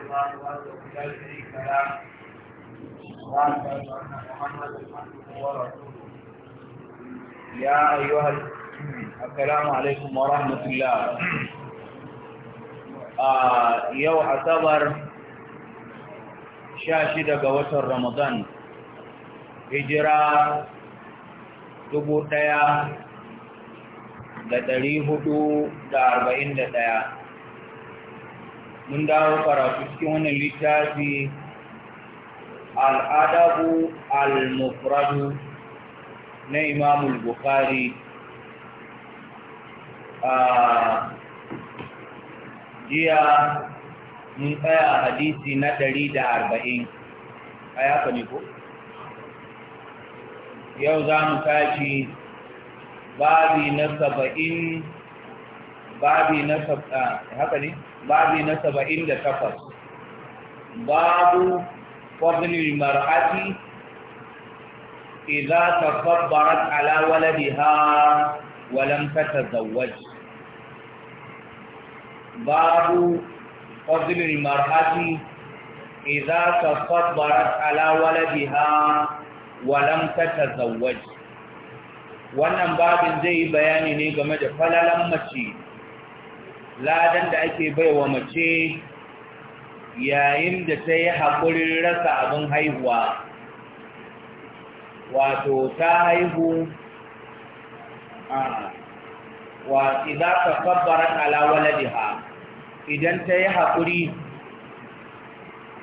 الله وحده لا شريك له واشهد ان محمدا عبده ورسوله يا ايها السلام عليكم ورحمه الله yau asabar sha shida ga watan ramadan hijira dubu ɗaya da ɗari hudu da arba'in da ɗaya mun dawo karatu cikin wannan littafi al'adabu al-mufradu na imamul bukhari a jiya mun tsaya a hadisi na ɗari da arba'in a yaka yau za mu tashi babi na saba'in babi na ah, haka ne babi na saba'in da takwas babu fadlil mar'ati idza takabbarat ala waladiha wa lam tatazawwaj babu fadlil mar'ati idza takabbarat ala waladiha wa lam tatazawwaj wannan babin zai yi bayani ne game da falalan mace ladan da ake baiwa mace yayin da ta yi haƙurin rasa abin haihuwa wato ta haihu ah, wa idza takabbarat alawala waladiha idan ta yi haƙuri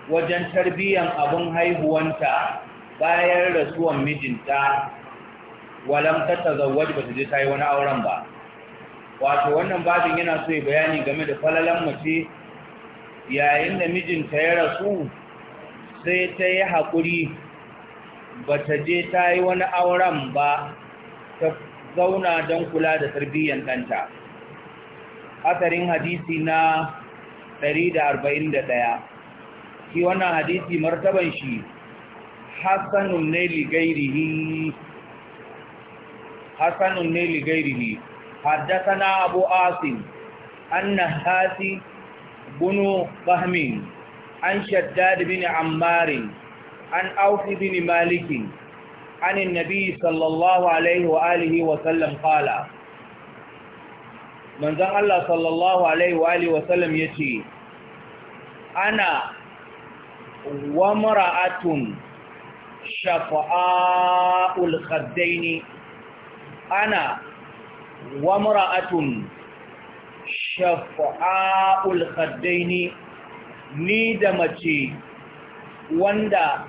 wajen tarbiyyar abin haihuwanta bayan rasuwan mijinta walamta ta tazawwaj ba ta je ta yi wani auren ba wato wannan babin yana so ya bayani game da falalan mace yayin da mijinta ya rasu sai ta yi haƙuri ba ta je ta yi wani auren ba ta zauna don kula da tarbiyyar ɗanta asarin hadisi na 141 shi wannan hadisi martaban shi hassanun ne ligairihi hassanun حدثنا أبو عاصم النهاسي بن فهم عن شداد بن عمار عن أوف بن مالك عن النبي صلى الله عليه وآله وسلم قال من ذن الله صلى الله عليه وآله وسلم يتي أنا ومرأة شفاء الخدين أنا wa mura'atun shafa'ul khaddaini ni da mace wanda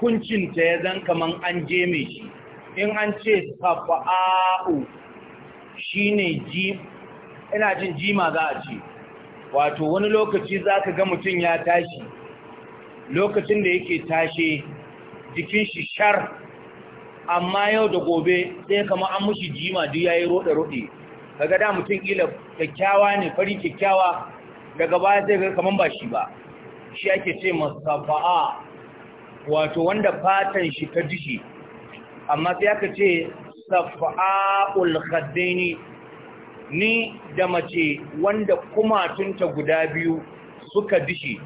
kuncinta ya zan kaman an je mai shi in an ce shafa'u shine ji ina jin jima za a ce wato wani lokaci zaka ga mutum ya tashi lokacin da yake tashe jikin shi shar amma yau da gobe sai kama an mushi jima duk yayi roɗe roɗe kaga da mutum kila kyakkyawa ne fari kyakkyawa daga baya sai ga kaman ba shi ba shi ake ce masafa'a wato wanda fatan shi ta dishi amma sai aka ce safa'ul khaddaini ni da mace wanda kuma kumatunta guda biyu suka dishi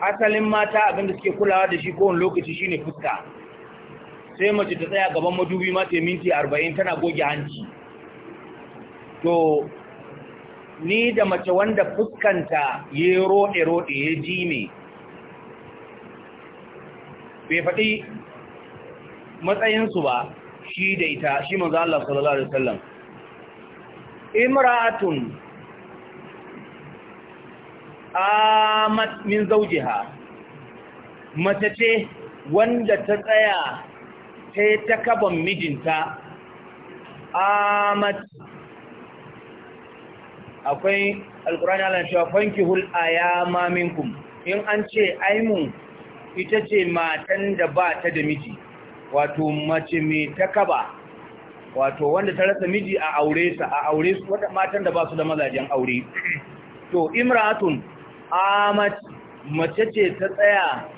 asalin mata abinda suke kulawa da shi kowane lokaci shine fuska sai mace ta tsaya gaban madubi ma minti arba'in tana goge hanci to ni da mace wanda fuskanta ya roɗe-roɗe ya ji me bai faɗi matsayinsu ba shi da ita shi maza Allah sallallahu alaihi wasallam imra'atun a min zaujiha. mace ce wanda ta tsaya sai ta kaban mijinta amat akwai alkurani ala akwai ki hulɗa ya maminkum in an ce aimu ita ce matan da ba ta da miji wato mace mai ta kaba wato wanda ta rasa miji a aure sa a aure su wata matan da ba su da mazajen aure to imratun amat mace ce ta tsaya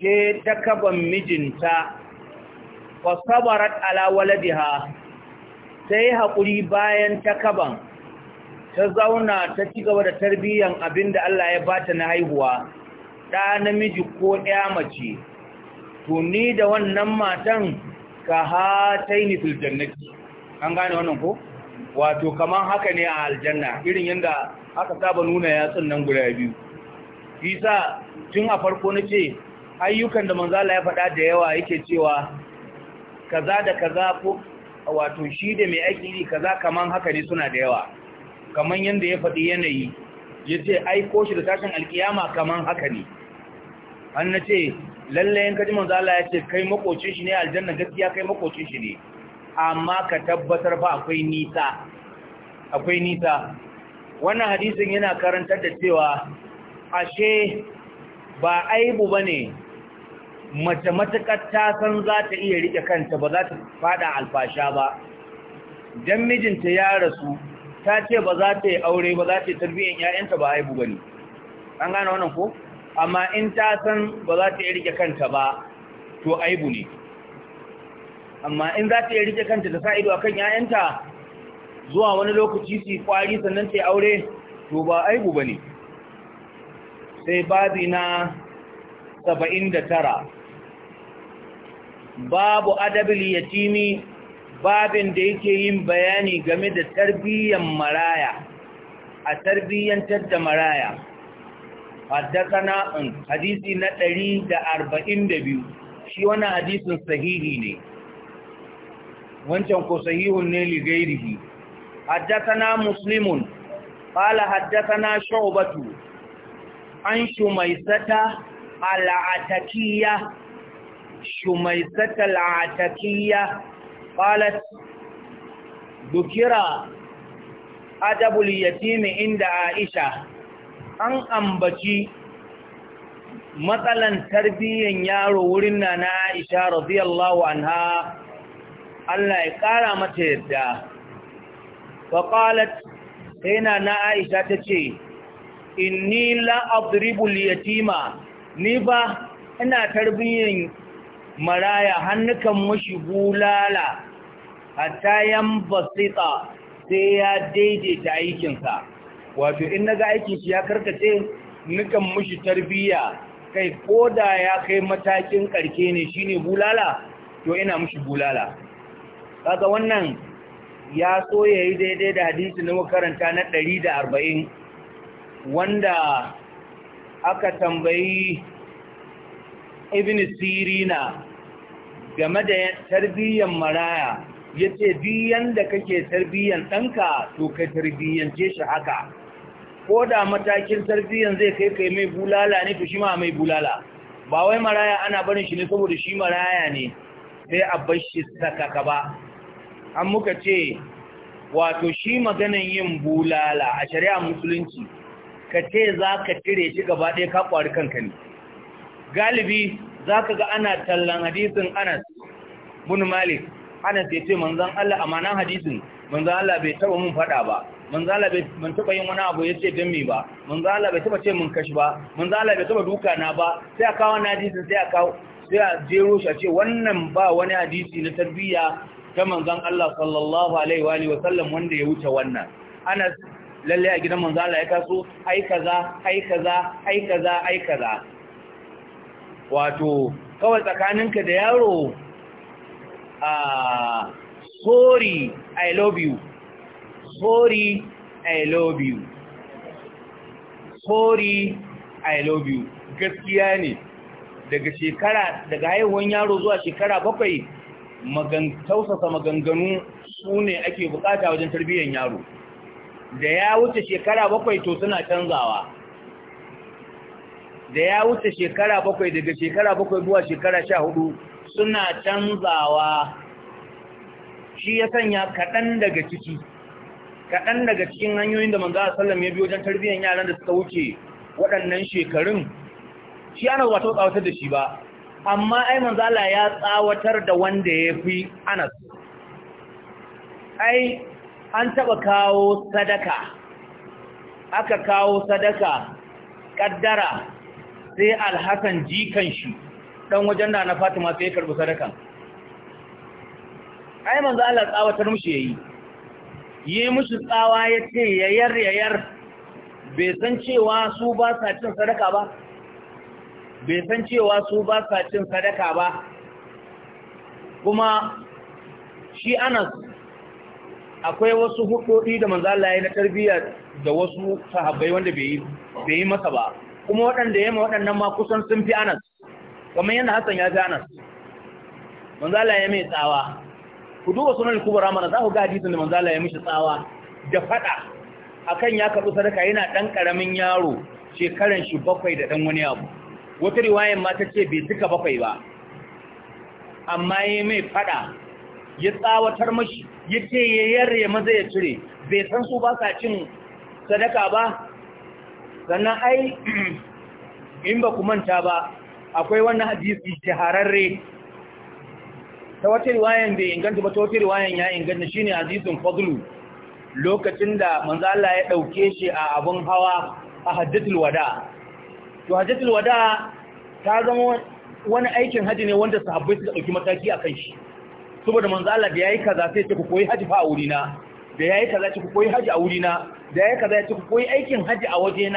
ke ta kaban mijinta fa sabarat ala waladiha sai haƙuri bayan ta kaban ta zauna ta ci gaba da tarbiyyan abinda Allah ya bata na haihuwa ɗa namiji ko ɗaya mace to ni da wannan matan ka hataini fil jannati an gane wannan ko wato kaman haka ne a aljanna irin yadda aka saba nuna yatsun nan guda biyu isa tun a farko nace ayyukan da manzala ya faɗa da yawa yake cewa kaza da kaza ko wato shi da mai aiki ne kaza kaman haka ne suna da yawa kaman yanda ya faɗi yanayi ya ce ko shi da tashin alkiyama kaman haka ne an na ce lallai yanka ji manzala ya ce kai makocin shi ne aljanna gaskiya kai makocin shi ne amma ka tabbatar fa akwai nisa akwai nisa wannan hadisin yana karantar da cewa ashe ba aibu ba ne mace matuƙar ta san za ta iya riƙe kanta ba za ta fada alfasha ba dan mijinta ya rasu ta ce ba za ta yi aure ba za ta yi tarbiyyar 'ya'yanta ba haihu ba ne an gane wannan ko amma in ta san ba za ta iya riƙe kanta ba to aibu ne amma in za ta iya riƙe kanta ta sa ido akan 'ya'yanta zuwa wani lokaci su yi kwari sannan ta yi aure to ba aibu ba ne sai babi na saba'in da tara babu adabil yatimi babin da yake yin bayani game da tarbiyyan maraya a tarbiyyantar da maraya haddasana um, hadisi na ɗari da arba'in da biyu shi wani hadisin sahihi ne wancan ko sahihun ne ligairihi haddasana muslimun ƙala haddasana sha'ubatu an shumaisata al'atakiya shumaisatul atakiya qalat dukira adabul yatim inda aisha an ambaci Matsalar tarbiyyan yaro wurin nana aisha radiyallahu anha allah ya kara mata yadda fa qalat ina na aisha tace inni la adribul yatima ni ba ina tarbiyyan maraya hannukan mashi bulala hatta yan basita sai ya daidaita aikinsa wato in naga aikin shi ya karkace nukan mashi tarbiyya kai koda ya kai matakin karke ne shine bulala to ina mashi bulala kaga wannan ya so ya yi daidai da hadisi na makaranta na 140 wanda aka tambayi ibn sirina game da tarbiyyar maraya ya ce biyan da kake tarbiyyar ɗanka to ka tarbiyyance shi haka ko da matakin tarbiyyar zai kai kai mai bulala ne to shi ma mai bulala ba wai maraya ana barin shi ne saboda shi maraya ne sai a bar shi sakaka ba an muka ce wato shi maganin yin bulala a shari'a musulunci ka ce za ka cire shi gaba ɗaya ka ƙwari kanka ne galibi za ka ga ana tallan hadisin anas bin malik anas ya ce manzan Allah amanan hadisin manzan Allah bai taba mun fada ba manzan Allah bai ban taba yin wani abu ya ce don mi ba manzan Allah bai taba ce mun kashi ba manzan Allah bai taba duka na ba sai a kawo na hadisin sai a kawo sai a jero shi a ce wannan ba wani hadisi na tarbiyya ta manzan Allah sallallahu alaihi wa alihi wa sallam wanda ya wuce wannan anas lalle a gidan manzan Allah ya taso ai kaza ai kaza ai kaza ai kaza wato kawai tsakaninka da yaro a sorry i love you sorry i love you sorry i love you gaskiya ne daga shekara daga haihuwan yaro zuwa shekara bakwai tausasa maganganu su ne ake bukata wajen tarbiyyar yaro da ya wuce shekara bakwai to suna canzawa da ya wuce shekara bakwai daga shekara bakwai zuwa shekara sha hudu suna canzawa shi ya sanya kaɗan daga ciki kaɗan daga cikin hanyoyin da a sallam ya biyo wajen tarbiyyar yaran da suka wuce waɗannan shekarun shi ana ba tsawatar da shi ba amma ai manzala ya tsawatar da wanda ya fi anas ai an taɓa kawo sadaka aka kawo sadaka kaddara. sai alhassan jikan shi dan wajen da na fatima sai ya karbi sadaka. ai manzo Allah tsawatar mushi yayi yi mushi tsawa yace yayar yayar bai san cewa su ba sa cin sadaka ba bai san cewa su ba sa cin sadaka ba kuma shi Anas akwai wasu hudodi da manzo Allah ya na tarbiyya da wasu sahabbai wanda bai yi masa ba kuma waɗanda ya ma waɗannan ma kusan sun fi anas kamar yadda hassan ya fi anas manzala ya mai tsawa ku duba sunan kubra mana za ku ga sun da manzala ya mishi tsawa da fada akan ya karɓi sadaka yana ɗan ƙaramin yaro shekaran shi bakwai da ɗan wani abu wata riwayan ma ta ce bai cika bakwai ba amma ya mai fada ya tsawatar mashi ya ce ya yare maza ya cire bai san su ba sa cin sadaka ba sannan ai in ba ku manta ba akwai wannan hadisi hararre. ta wata riwayan bai inganta ba ta wata riwayan ya inganta shine hadisin fadlu lokacin da manzo ya dauke shi a abun hawa a hajjatul wada to hajjatul wada ta zama wani aikin haji ne wanda sahabbai suka dauki mataki akan shi saboda Manzala Allah da yayi kaza sai ce ku koyi haji fa a wurina da ya yi kaza ki koyi haji a wuri na da yi kaza ki koyi aikin haji a waje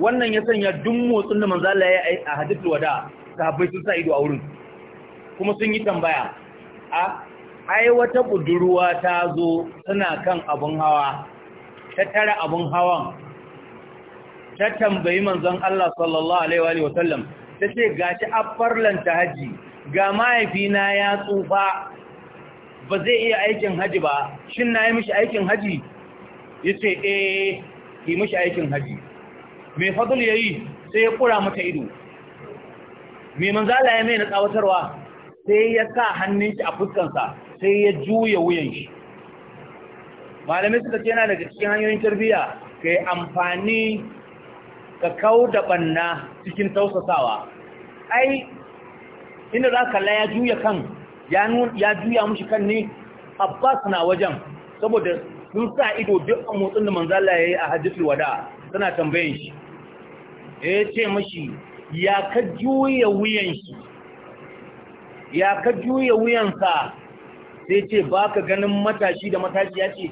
wannan ya sanya duk motsin da Manzala ya yi a hadithul wada sahabbai sun sa ido a wurin kuma sun yi tambaya a ai wata budurwa ta zo tana kan abun hawa ta tara abun hawan ta tambayi manzon Allah sallallahu alaihi wa sallam ta ce gashi a farlanta haji ga mahaifina ya tsufa ba zai iya aikin haji ba shin na yi mishi aikin haji ya ce eh yi mishi aikin haji mai fadul ya yi sai ya kura mata ido mai manzala ya mai na tsawatarwa sai ya sa hannun shi a fuskansa sai ya juya wuyan shi malamai suka ce yana daga cikin hanyoyin tarbiyya ka yi amfani ka kau da ɓanna cikin tausasawa ai inda za ka ya juya kan ya juya mushi kan ne abbas na wajen saboda sun sa ido duk a motsin da manzala ya yi a hajjitul wada suna tambayin shi ya ce mashi ya ka juya wuyan shi ya ka juya wuyansa sai ce ba ka ganin matashi da matashi ya ce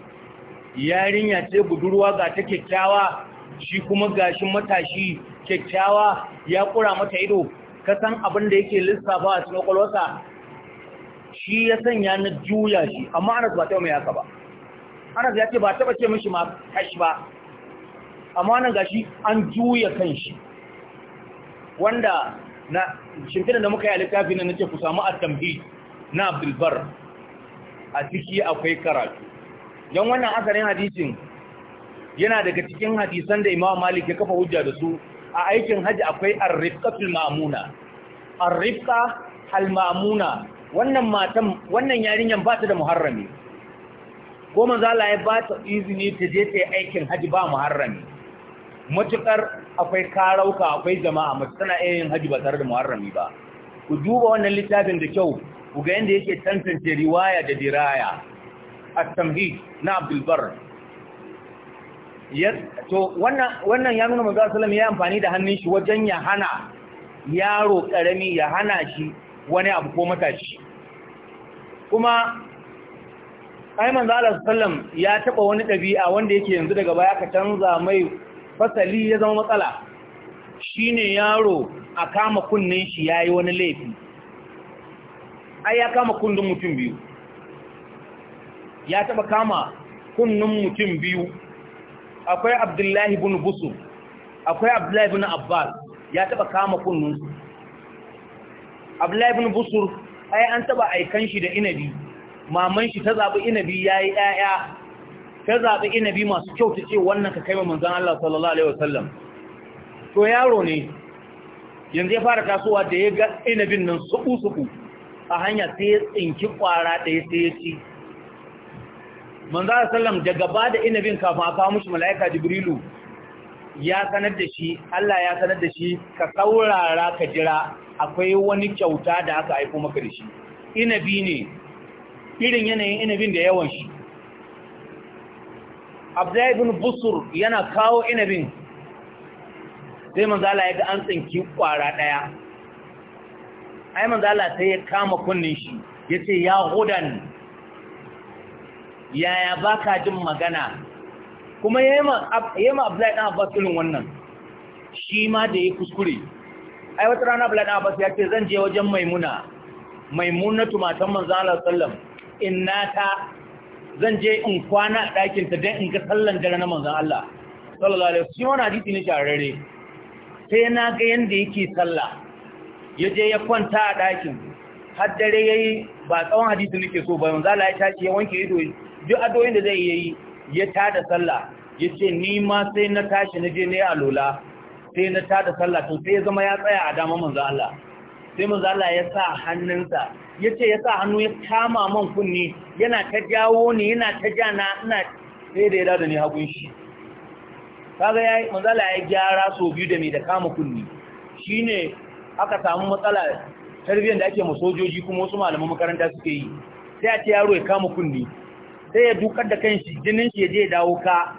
yarinya ce budurwa ga ta kyakkyawa shi kuma gashin matashi kyakkyawa ya kura mata ido ka san abin da yake lissafa a cikin kwalwarsa shi ya sanya na juya shi amma anas ba taɓa mai haka ba anas ya ce ba taɓa ce mashi ma kashi ba amma nan gashi an juya kan shi wanda na shimfinan da muka yi a na nace ku samu tambi na abdulbar a ciki akwai karatu don wannan asalin hadisin yana daga cikin hadisan da imam malik ya kafa hujja da su a aikin haji akwai arrifka fil mamuna arrifka al mamuna wannan matan wannan yarinyan ba ta da muharrami ko manzo Allah ya ba ta izini ta je ta yi aikin haji ba muharrami matukar akwai karauka akwai jama'a mace tana iya yin haji ba tare da muharrami ba ku duba wannan littafin da kyau ku ga yanda yake tantance riwaya da diraya at-tamhid na Abdul Barr to wannan wannan ya nuna manzo sallallahu ya amfani da hannun shi wajen ya hana yaro karami ya hana shi wani abu ko matashi kuma ai manzo Allah sallam ya taba wani dabi'a wanda yake yanzu daga baya ka canza mai fasali ya zama matsala shine yaro a kama kunnin shi yayi wani laifi ai ya kama kunnin mutum biyu ya taba kama kunnin mutum biyu akwai Abdullahi ibn busu akwai Abdullahi ibn Abbas ya taba kama kunnin abdullahi ibn busur ai an taba aikan shi da inabi maman shi ta zabi inabi yayi yaya ta zabi inabi masu kyau ta ce wannan ka kai wa manzon Allah sallallahu alaihi wasallam to yaro ne yanzu ya fara kasuwa da ya ga inabin nan suku suku a hanya sai ya tsinki kwara da ya sai ya ci manzon sallam daga ba da inabin kafin a kawo mishi mala'ika jibrilu ya sanar da shi Allah ya sanar da shi ka saurara ka jira akwai wani kyauta da aka aiko maka da shi inabi ne irin yanayin inabin da yawan shi abdullahi ibn busur yana kawo inabin sai manzala ya ga an tsinki kwara daya ai manzala sai ya kama kunnin shi yace ya hudan yaya baka jin magana kuma ya yi ma abdullahi ɗan abbas irin wannan shi ma da ya kuskure ai wata rana abdullahi ɗan abbas ya ce zan je wajen maimuna maimuna matan manzo Allah sallam in ta, zan je in kwana a ɗakinta ta don in ga sallan dare na manzon Allah sallallahu alaihi wasallam wani hadisi ne tarare sai na ga yanda yake sallah ya je ya kwanta a ɗakin har dare yayi ba tsawon hadisi nake so ba manzo Allah ya tashi ya wanke ido duk adoyin da zai yi ya tada sallah ya ce ni ma sai na tashi na je ne a lola sai na tada sallah to sai ya zama ya tsaya a dama manzo Allah sai manzo Allah ya sa hannunsa ya ce ya sa hannu ya kama man kunni yana ta jawo ni yana ta jana ina sai da ya dada ni hagun shi kaga yayi manzo Allah ya gyara so biyu da me da kama kunni shine aka samu matsala tarbiyyar da ake ma sojoji kuma wasu malaman makaranta suke yi sai a ce yaro ya kama kunni sai ya dukar da kanshi jinin shi je dawo ka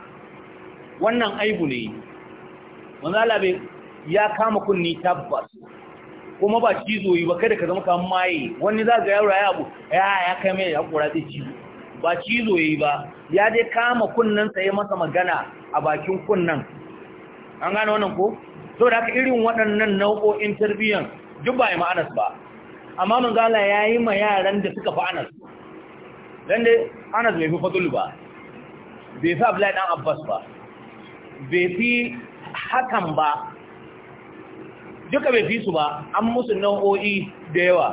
wannan aibu ne manzala bai ya kama kunni tabbas kuma ba shi zoyi ba kada ka zama kamar maye wani za ga yaro ya abu ya ya kai mai kura zai cizo ba cizo yi ba ya dai kama kunnan sa ya masa magana a bakin kunnan an gane wannan ko to da haka irin waɗannan nau'o interview duk ba ima ma'anas ba amma manzala ya yi ma yaran da suka fi anas dan dai Anas bai fi fadul ba bai fi Abdullahi dan Abbas ba bai fi hakan ba duka bai fi su ba an musu nau'o'i da yawa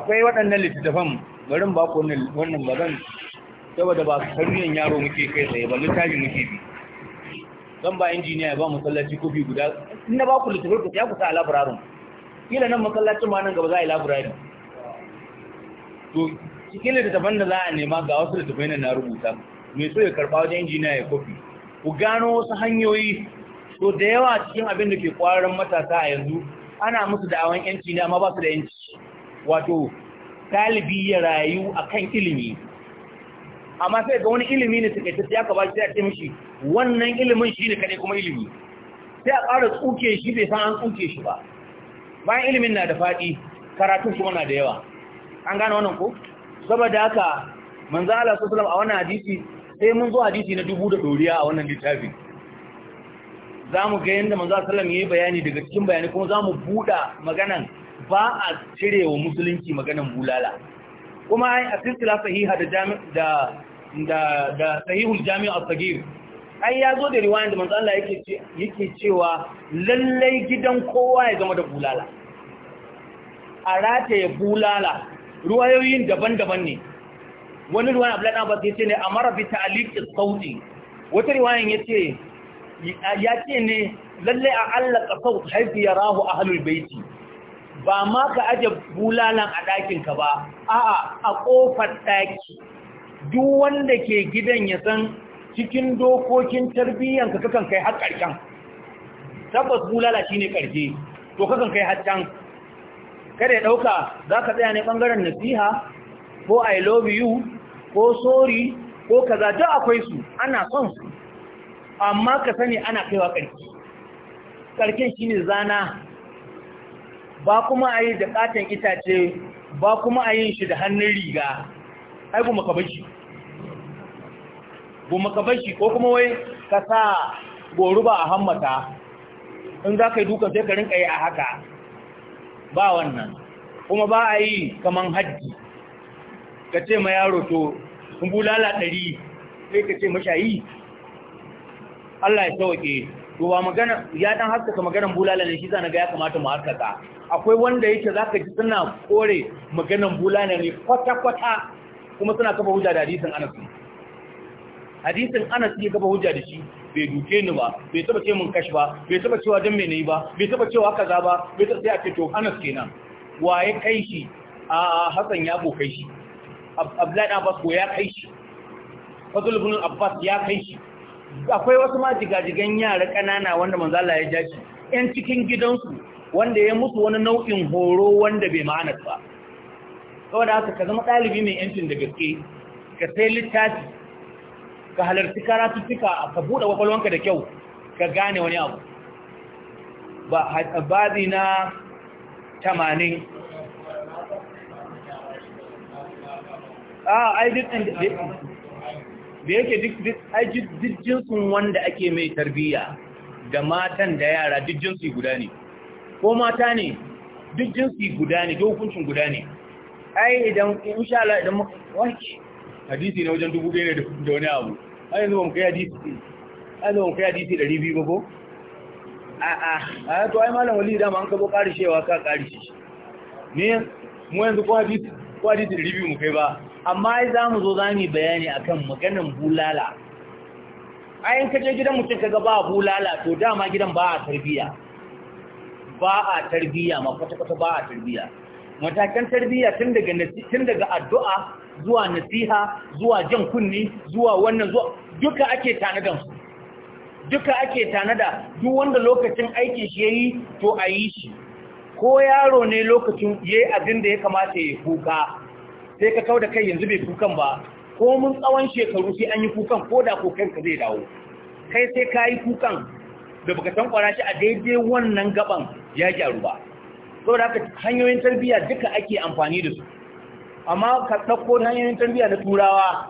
akwai waɗannan littattafan garin ba ku wannan ba zan saboda ba sanuyan yaro muke kai tsaye ba littafi muke bi zan ba injiniya ya ba masallaci kofi guda Ina ba ku littattafai ku ya ku sa a labirarin kila nan masallacin ma nan gaba za a yi labirari to cikin littattafan da za a nema ga wasu littattafai na na rubuta mai so ya karɓa wajen injiniya ya kofi ku gano wasu hanyoyi so da yawa cikin abin da ke ƙwararren matasa a yanzu ana musu da'awan yanci ne amma ba su da yanci wato talibi ya rayu a kan ilimi amma sai ga wani ilimi ne suka tafi ya kaba shi ya ce mishi wannan ilimin shi ne kaɗai kuma ilimi sai a ƙara tsuke shi bai san an tsuke shi ba bayan ilimin na da faɗi karatun kuma na da yawa an gane wannan ko saboda haka manzo Allah sallallahu alaihi a wannan hadisi sai mun zo hadisi na dubu da doriya a wannan littafi zamu ga yanda manzo sallallahu alaihi yayi bayani daga cikin bayani kuma zamu buda maganan ba a cirewa musulunci maganan bulala kuma ai a silsila sahiha da jami da da da sahihul jami' al-saghir ai ya zo da riwaya da manzo Allah yake yake cewa lallai gidan kowa ya zama da bulala a rataye bulala ruwayoyin daban-daban ne wani ruwayan abu ladan abbas ce ne a mara bi ta'alikin sauti wata ruwayan ya ce ya ce ne lallai a allaka saut haifi ya rahu a halul baiti ba ma ka aje bulalan a ɗakinka ba a'a a ƙofar ɗaki duk wanda ke gidan ya san cikin dokokin ka kakan kai har ƙarshen tabbas bulala shi ne ƙarshe to kakan kai har can kada ya ɗauka za ka tsaya ne bangaren nasiha ko i love you ko sorry ko kaza duk akwai su ana son su amma ka sani ana kaiwa ƙarfi ƙarfin shi ne zana ba kuma a da ƙaton itace ba kuma a shi da hannun riga ai bu makabashi bu bashi ko kuma wai ka sa goruba a hammata in za ka yi duka sai ka rinka yi a haka ba wannan kuma ba a yi kaman hajji ka ce ma yaro to kun bulala ɗari sai ka ce mashayi Allah ya sauke to ba magana ya dan haskaka maganar bulala ne shi na ga ya kamata mu haskaka akwai wanda yake zaka ji suna kore maganan bulala ne kwata kwata kuma suna kafa hujja da hadisin Anas hadisin anas suke gaba hujja da shi bai duke ni ba bai taba ce mun kashi ba bai taba cewa dan mai nayi ba bai taba cewa za ba bai taba sai a ce to anas kenan waye kai shi a Hassan ya bo kai shi abdullahi abbas ko ya kai shi fadl ibn abbas ya kai shi akwai wasu ma jigajigan yara kanana wanda manzo Allah ya jaci yan cikin gidansu wanda ya musu wani nau'in horo wanda bai ma'anar ba saboda haka ka zama ɗalibi mai yancin da gaske ka sai littafi ka halarci karatuttuka ka buɗe kwakwalwanka da kyau ka gane wani abu bazi na tamanin a ah, ai duk da yake duk jinsin wanda ake mai tarbiyya da matan da yara duk jinsi guda ne ko mata ne duk jinsi guda ne dokuncin hukuncin guda ne ai idan insha Allah idan wake hadisi na wajen dubu ɗaya ne da wani abu a yanzu ba mu kai hadisi Ai yanzu ba mu kai hadisi ɗari biyu ba ko a'a a to ai malam wali dama an kabo karishewa ka karishe ne mu yanzu ko hadisi ko hadisi ɗari biyu mu kai ba amma ai za mu zo za mu bayani akan maganin bulala ayin ka je gidan mutum kaga ba bulala to dama gidan ba a tarbiya ba a tarbiya ma kwata-kwata ba a tarbiya matakan tarbiya tun daga addu'a zuwa nasiha zuwa jan kunni zuwa wannan zuwa duka ake tanadan su duka ake tanada duk wanda lokacin aikin shi yayi to a yi shi ko yaro ne lokacin yayi abin da ya kamata ya kuka sai ka kauda kai yanzu bai kukan ba ko mun tsawon shekaru sai an yi kukan ko da kokan ka zai dawo kai sai ka yi kukan da baka san kwara shi a daidai wannan gaban ya gyaru ba saboda haka hanyoyin tarbiyya duka ake amfani da su amma ka ɗauko na yin tarbiyya na turawa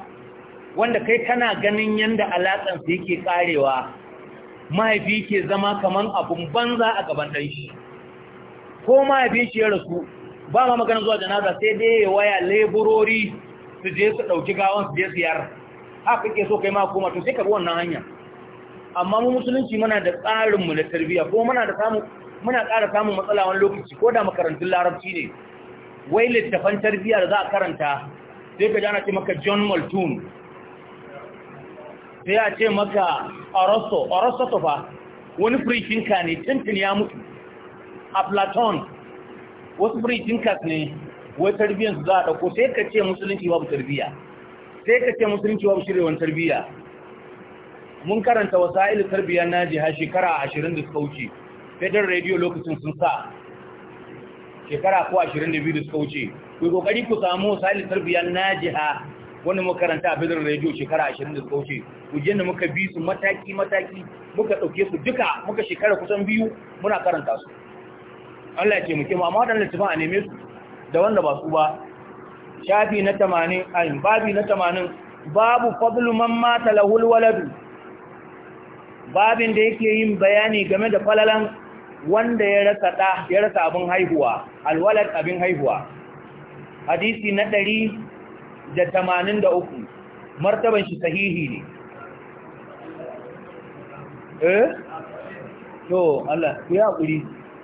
wanda kai kana ganin yadda alaƙansa yake ƙarewa mahaifi ke zama kamar abin banza a gaban ɗan shi ko mahaifi shi ya rasu ba ma magana zuwa janaza sai dai ya waya leburori su je su ɗauki gawan su je siyar haka ke so kai ma koma to sai ka bi wannan hanya amma mu musulunci muna da tsarinmu na tarbiyya ko muna da ƙara samun matsala wani lokaci ko da makarantun larabci ne wai littafan tarbiyya da za a karanta sai ka jana ce maka John maltoon sai a ce maka Arasto Arasto to fa wani firikinka ne Tintin ya mutu a Platon wasu firikinka ne wai tarbiyyansu su za a dauko sai ka ce musulunci babu tarbiyya sai ka ce musulunci babu shirewan tarbiyya mun karanta wasa'il tarbiyyar najiha shekara ashirin da suka wuce federal radio lokacin sun sa shekara ko 22 da suka wuce ku kokari ku samu sali tarbiyyar najiha wanda muka karanta a bidiyon radio shekara 20 da suka wuce ku je da muka bi su mataki mataki muka dauke su duka muka shekara kusan biyu muna karanta su Allah ya ce mu kima amma wadannan littafin a neme su da wanda ba su ba shafi na 80 ayin babi na 80 babu fadlu man mata lahul waladu babin da yake yin bayani game da falalan wanda ya rasa ɗa ya rasa abin haihuwa alwalad abin haihuwa hadisi na ɗari da tamanin da uku martaban shi sahihi ne eh to Allah ku ya kuri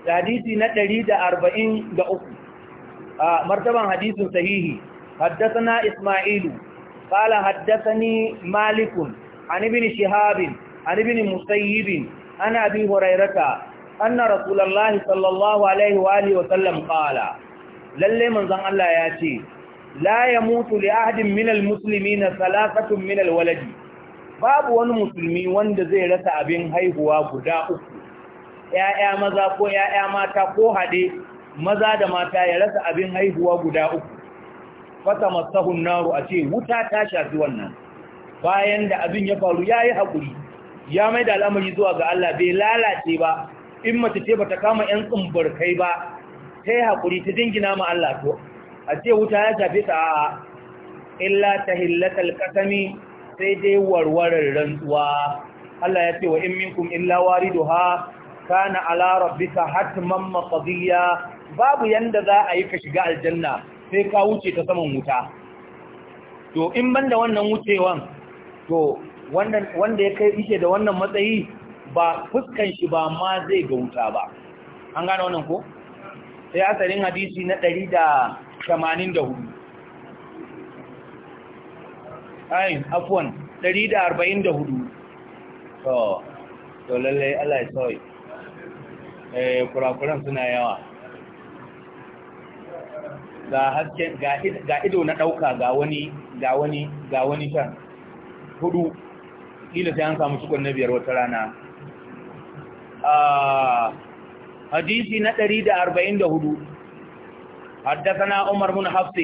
hadisi na ɗari da arba'in da uku martaban hadisin sahihi haddasana ismailu qala haddasani malikun an ibn shihabin an ibn musayyibin ana abi hurairata anna rasulullahi sallallahu alaihi wa alihi wa sallam qala lalle Allah ya ce la yamutu li ahadin minal muslimina salasatun minal waladi babu wani musulmi wanda zai rasa abin haihuwa guda uku ‘ya'ya maza ko ‘ya'ya mata ko haɗe maza da mata ya rasa abin haihuwa guda uku fata masahun naru a ce wuta ta shafi wannan bayan da abin ya faru ya yi ya mai da al'amari zuwa ga Allah bai lalace ba in mace ce bata kama yan tsumbarkai ba ta yi haƙuri ta jingina ma Allah to a ce wuta ya tafi ta a illa ta hillatar ƙasami sai dai warwarar rantsuwa Allah ya ce wa in minkum illa ka na ala rabbika hatman maqdiya babu yanda za a yi ka shiga aljanna sai ka wuce ta saman wuta to in banda wannan wucewan to wanda ya kai ishe da wannan matsayi ba fuskan shi ba ma zai ga wuta ba an gane wannan ko sai asalin hadisi na 184 ai afwan 144 to to lalle Allah ya soyi eh kurakuran suna yawa ga hasken ga ido na dauka ga wani ga wani ga wani kan hudu ila sai an samu cikon na biyar wata rana hadisi na 144 حدثنا عمر بن حفص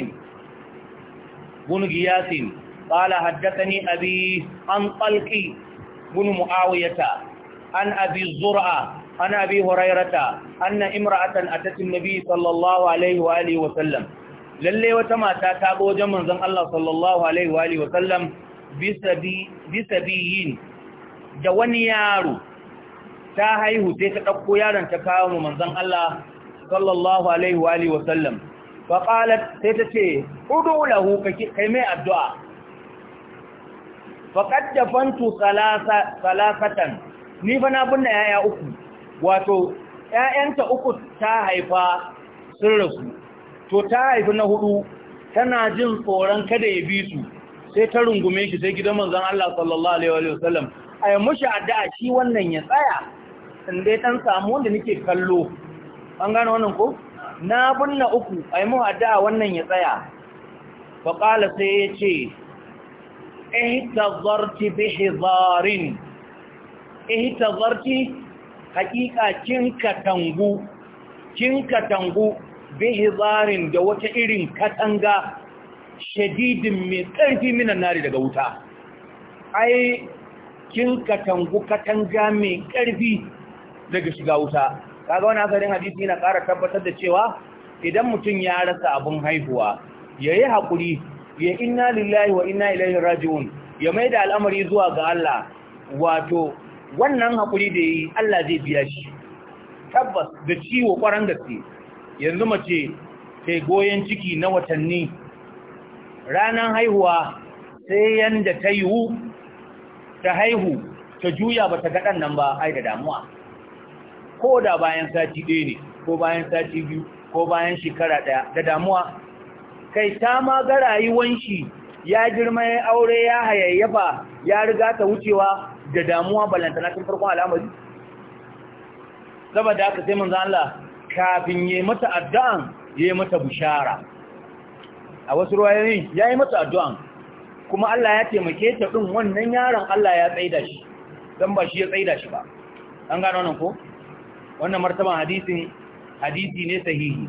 بن غياث قال حدثني أبي عن طلقي بن معاوية عن أبي الزرعة عن أبي هريرة أن امرأة أتت النبي صلى الله عليه وآله وسلم للي وتماتا تابو جمن زن الله صلى الله عليه وآله وسلم بسبي بسبيين جوانيارو ta haihu sai ta ɗauko yaron ta kawo mu manzon Allah sallallahu alaihi wa alihi sallam fa qalat sai ta ce udu lahu kai mai addu'a fa qad dafantu salasa salafatan ni fa na binne yaya uku wato ƴaƴanta uku ta haifa sun rasu to ta haifi na hudu tana jin tsoron kada ya bi su sai ta rungume shi sai gidan manzon Allah sallallahu alaihi wa sallam ai mushi addu'a shi wannan ya tsaya Sande ɗan samu wanda nake kallo an gano wannan ko na binna uku ai mu hada wannan ya tsaya fa qala sai yace ihtazarti bihizarin tazarti hakika kin tangu. kin katangu bihizarin da wata irin katanga shadidin mai ƙarfi minan nari daga wuta ai kin tangu katanga mai ƙarfi daga shiga wuta kaga wani asarin hadisi yana ƙara tabbatar da cewa idan mutum ya rasa abun haihuwa yayi hakuri ya inna lillahi wa inna ilaihi raji'un ya mai da al'amari zuwa ga Allah wato wannan hakuri da yi Allah zai biya shi tabbas da ciwo kwaran gaske yanzu mace ta goyon ciki na watanni ranar haihuwa sai yanda ta ta haihu ta juya ba ta gaɗan nan ba ai da damuwa ko da bayan sati ɗaya ne ko bayan sati biyu ko bayan shekara ɗaya da damuwa kai ta ma ga rayuwan shi ya girma ya aure ya hayayyafa ya riga ta wucewa da damuwa balantana tun farkon al'amari saboda aka sai manzo Allah kafin yi mata addu'an yi mata bishara a wasu ruwayoyi yi mata addu'an kuma Allah ya taimake ta din wannan yaron Allah ya tsaida shi dan ba shi ya tsaida shi ba an gano nan ko wannan martaban hadisin hadisi ne sahihi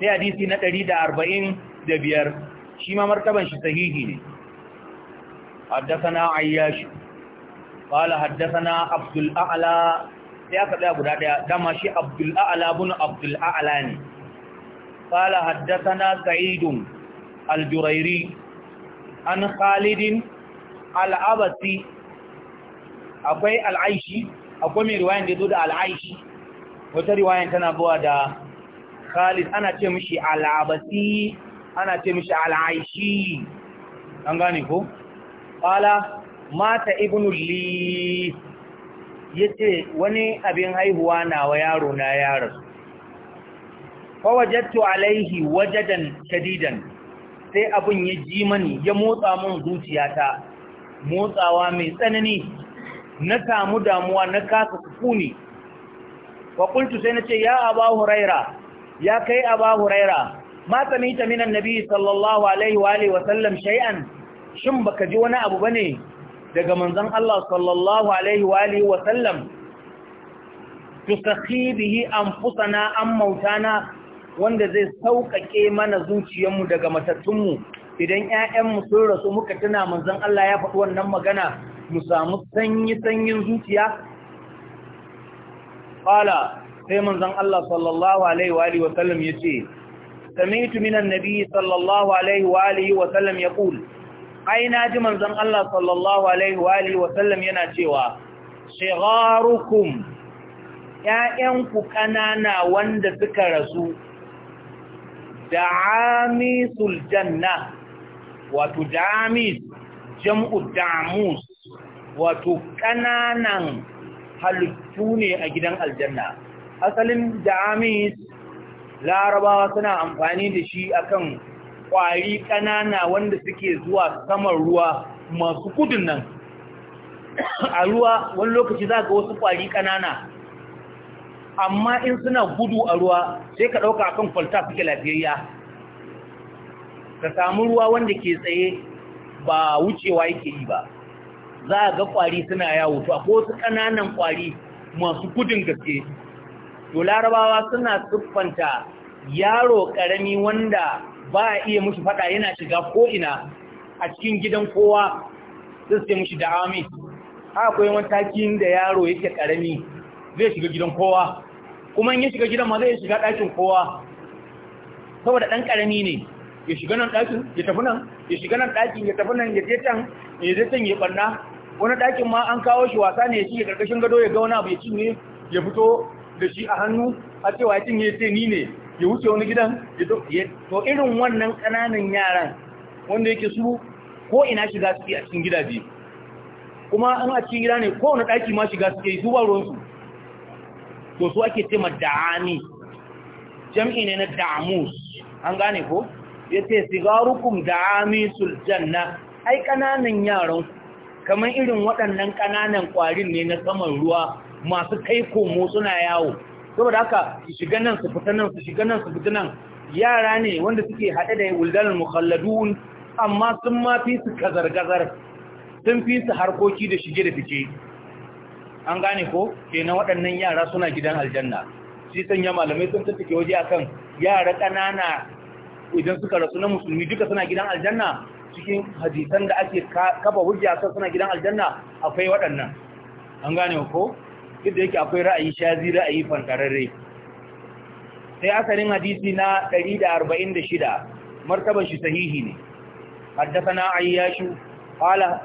sai hadisi na 145 shi ma martaban shi sahihi ne حدثنا عياش قال حدثنا Abdul الاعلى sai aka tsaya guda daya dama shi Abdul A'la bin Abdul A'la ne qala haddathana Sa'idun al-Jurairi an Khalidin al-Abasi akwai al-Aishi akwai mai riwayan da zo da al-Aishi wata riwayan tana buwa da khalid ana ce mishi al'abasi ana ce mishi al'aishi an gane ko qala mata ibnu li yace wani abin haihuwa nawa yaro na yaro fa wajadtu alaihi wajadan shadidan sai abin ya ji mani ya motsa mun zuciyata motsawa mai tsanani na samu damuwa na kasa ne wa qultu sai nace ya aba huraira ya kai aba huraira ma samita minan nabi sallallahu alaihi wa alihi wa sallam shay'an shin baka ji wani abu bane daga manzon Allah sallallahu alaihi wa alihi wa sallam tusakhi bihi anfusana am mautana wanda zai sauƙaƙe mana zuciyarmu daga matattunmu idan ‘ya'yanmu sun rasu muka tuna manzon Allah ya faɗi wannan magana mu samu sanyi-sanyin zuciya qala sai manzan Allah sallallahu alaihi wa alihi wa sallam sami'tu minan nabiy sallallahu alaihi wa alihi wa sallam yaqul ai naji manzon Allah sallallahu alaihi wa sallam yana cewa Shigarukum 'ya'yanku ƙanana wanda suka rasu da amisul janna wato jamis jam'u damus wato ƙananan. halittu ne a gidan aljanna asalin da'amis larabawa suna amfani da shi akan ƙwari ƙanana wanda suke zuwa saman ruwa masu gudun nan a ruwa wani lokaci za ga wasu kwari ƙanana amma in suna gudu a ruwa sai ka ɗauka akan kwalta suke lafiyayya ka samu ruwa wanda ke tsaye ba wucewa yake yi ba za a ga kwari suna yawo to akwai wasu ƙananan kwari masu gudun gaske to larabawa suna siffanta yaro ƙarami wanda ba a iya mushi faɗa yana shiga ko'ina a cikin gidan kowa sai su mushi da ami akwai matakin da yaro yake ƙarami zai shiga gidan kowa kuma in ya shiga gidan ma zai shiga ɗakin kowa saboda ɗan ƙarami ne ya shiga nan ɗakin ya tafi nan ya shiga nan ɗakin ya tafi nan ya je can ya je can ya ɓanna wani ɗakin ma an kawo shi wasa ne ya cinye ƙarƙashin gado ya ga wani abu ya ne ya fito da shi a hannu a cewa ya ce sai ni ne ya wuce wani gidan to irin wannan ƙananan yaran wanda yake su ko ina shiga suke a cikin gidaje kuma an a cikin gida ne ko wani ɗaki ma shiga suke su ba su to su ake ce ma da'ani jam'i ne na damus an gane ko ya ce sigarukum da'amisul janna ai ƙananan yaran kamar irin waɗannan ƙananan ƙwarin ne na saman ruwa masu kai komo suna yawo saboda haka su shiga nan su fita nan su shiga nan su fita nan yara ne wanda suke haɗe da wuldanar mukhalladun amma sun ma fi su kazar-gazar sun fi su harkoki da shige da fice an gane ko ke waɗannan yara suna gidan aljanna shi sanya malamai sun tattake waje akan yara ƙanana idan suka rasu na musulmi duka suna gidan aljanna cikin hadisan da ake kafa hujja sai suna gidan aljanna akwai waɗannan an gane ko duk da yake akwai ra'ayi shazi ra'ayi fankararre sai asalin hadisi na 146 martaban shi sahihi ne haddathana ayyashu qala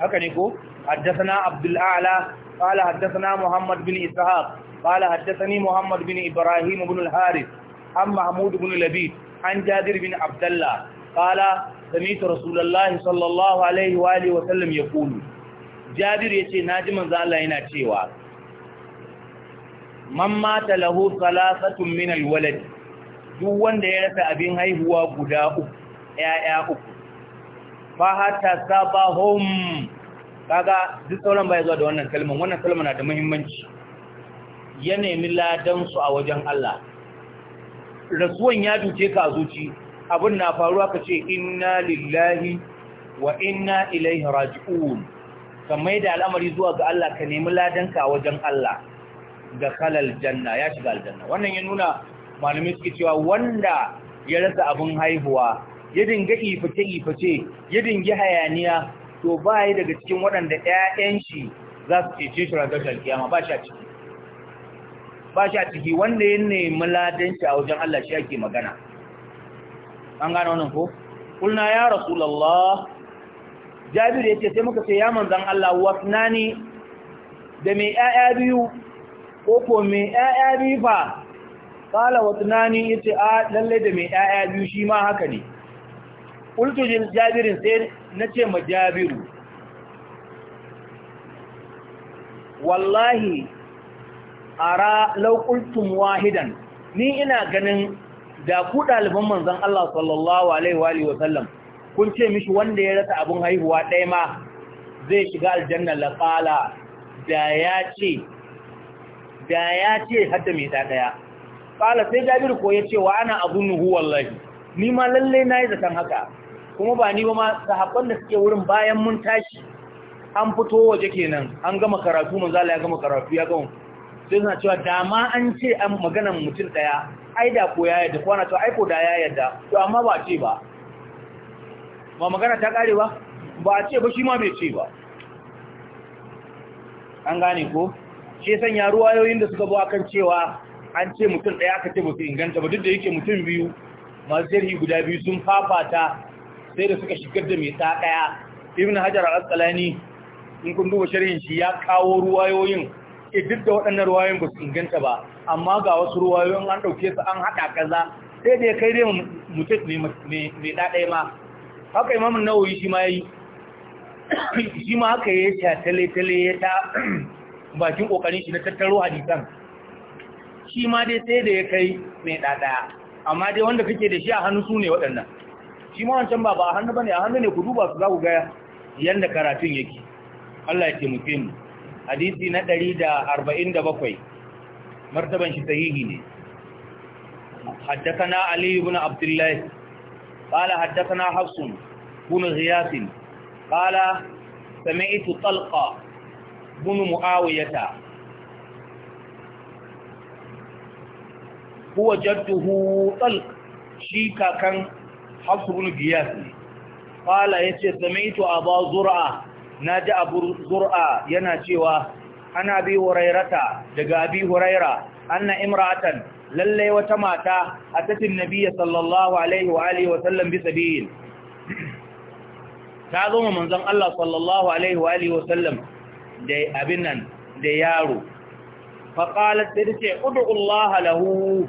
haka ne ko haddathana abdul a'la qala haddathana muhammad bin ishaq qala haddathani muhammad bin ibrahim ibn al-harith am mahmud ibn labid an jadir bin abdullah قال sami'tu rasulullahi sallallahu alaihi wa alihi wa sallam yaqulu jabir yace naji manzo Allah yana cewa man mata lahu salasatun min alwalad duk wanda ya rasa abin haihuwa guda uku yaya uku fa hatta sabahum kaga duk sauran bai zuwa da wannan kalman, wannan kalmar na da muhimmanci ya nemi ladan su a wajen Allah rasuwan ya duke ka zuci abun na faruwa ka ce inna lillahi wa inna ilaihi raji'un ka da al'amari zuwa ga Allah ka nemi ladanka wajen Allah ga kalal janna ya shiga aljanna wannan ya nuna malamin suke cewa wanda ya rasa abin haihuwa ya dinga ifice ifice ya dinga hayaniya to ba ya daga cikin waɗanda 'ya'yan shi za su cece shi ranar kiyama ba shi a ciki ba shi a ciki wanda ya nemi ladan shi a wajen Allah shi ake magana an gane wannan ko kulna ya rasulullah jabir yace sai muka ce ya manzan Allah wasnani da me ƴaƴa biyu ko ko me ƴaƴa biyu fa kala wasnani yace a lalle da me ƴaƴa biyu shi ma haka ne kultu jin jabirin sai nace ma jabiru wallahi ara law qultum wahidan ni ina ganin da ku ɗaliban manzon Allah sallallahu alaihi wa kun ce mishi wanda ya rasa abin haihuwa ɗaya ma zai shiga aljanna laqala da ya ce da ya ce hadda mai ta ɗaya? Fala sai Jabir ko ya ce wa ana nuhu wallahi ni ma na yi zaton haka kuma ba ni ba ma sahabban da suke wurin bayan mun tashi an fito waje kenan an gama karatu za la ya gama karatu ya gama sai suna cewa dama an ce an maganan mutum ɗaya. ai da ko ya yadda kwana to ai ko da ya yadda to amma ba ce ba Ba magana ta kare ba ba a ce ba shi ma bai ce ba an gane ko shi sanya ruwayoyin da suka zo akan cewa an ce mutum ɗaya aka ce mutum inganta ba duk da yake mutum biyu masu jirgi guda biyu sun fafata sai da suka shigar da mai ta ibn hajar al-asqalani in kun duba sharhin shi ya kawo ruwayoyin ke eh, duk da waɗannan ruwayoyin ba su inganta ba amma ga wasu ruwayoyin an ɗauke su an haɗa kaza sai dai kai dai mutum mai ɗaɗai ma haka imamun nawoyi shi ma yi shi ma haka ya sha tale-tale ya ta bakin ƙoƙarin shi na tattaro hadisan shi ma dai sai da ya kai mai ɗaɗaya amma dai wanda kake da shi a hannu su ne waɗannan shi ma wancan ba ba a hannu ba ne a hannu ne ku duba su za ku ga yadda karatun yake Allah ya taimake mu hadisi na ɗari da arba'in da bakwai martaban shi sahihi ne haddathana ali ibn abdullah qala haddathana hafsun bin ghiyath qala sami'tu talqa bin muawiyata huwa jadduhu talq shi kakan hafsun bin ghiyath qala yace sami'tu aba zur'a naji abu zur'a yana cewa ana abi hurairata daga abi huraira anna imra'atan lalle wata mata atatin nabiyyi sallallahu alaihi wa alihi wa sallam bi sabil ta zo manzon Allah sallallahu alaihi wa alihi wa sallam da abin nan da yaro fa qalat sai ce ud'u Allah lahu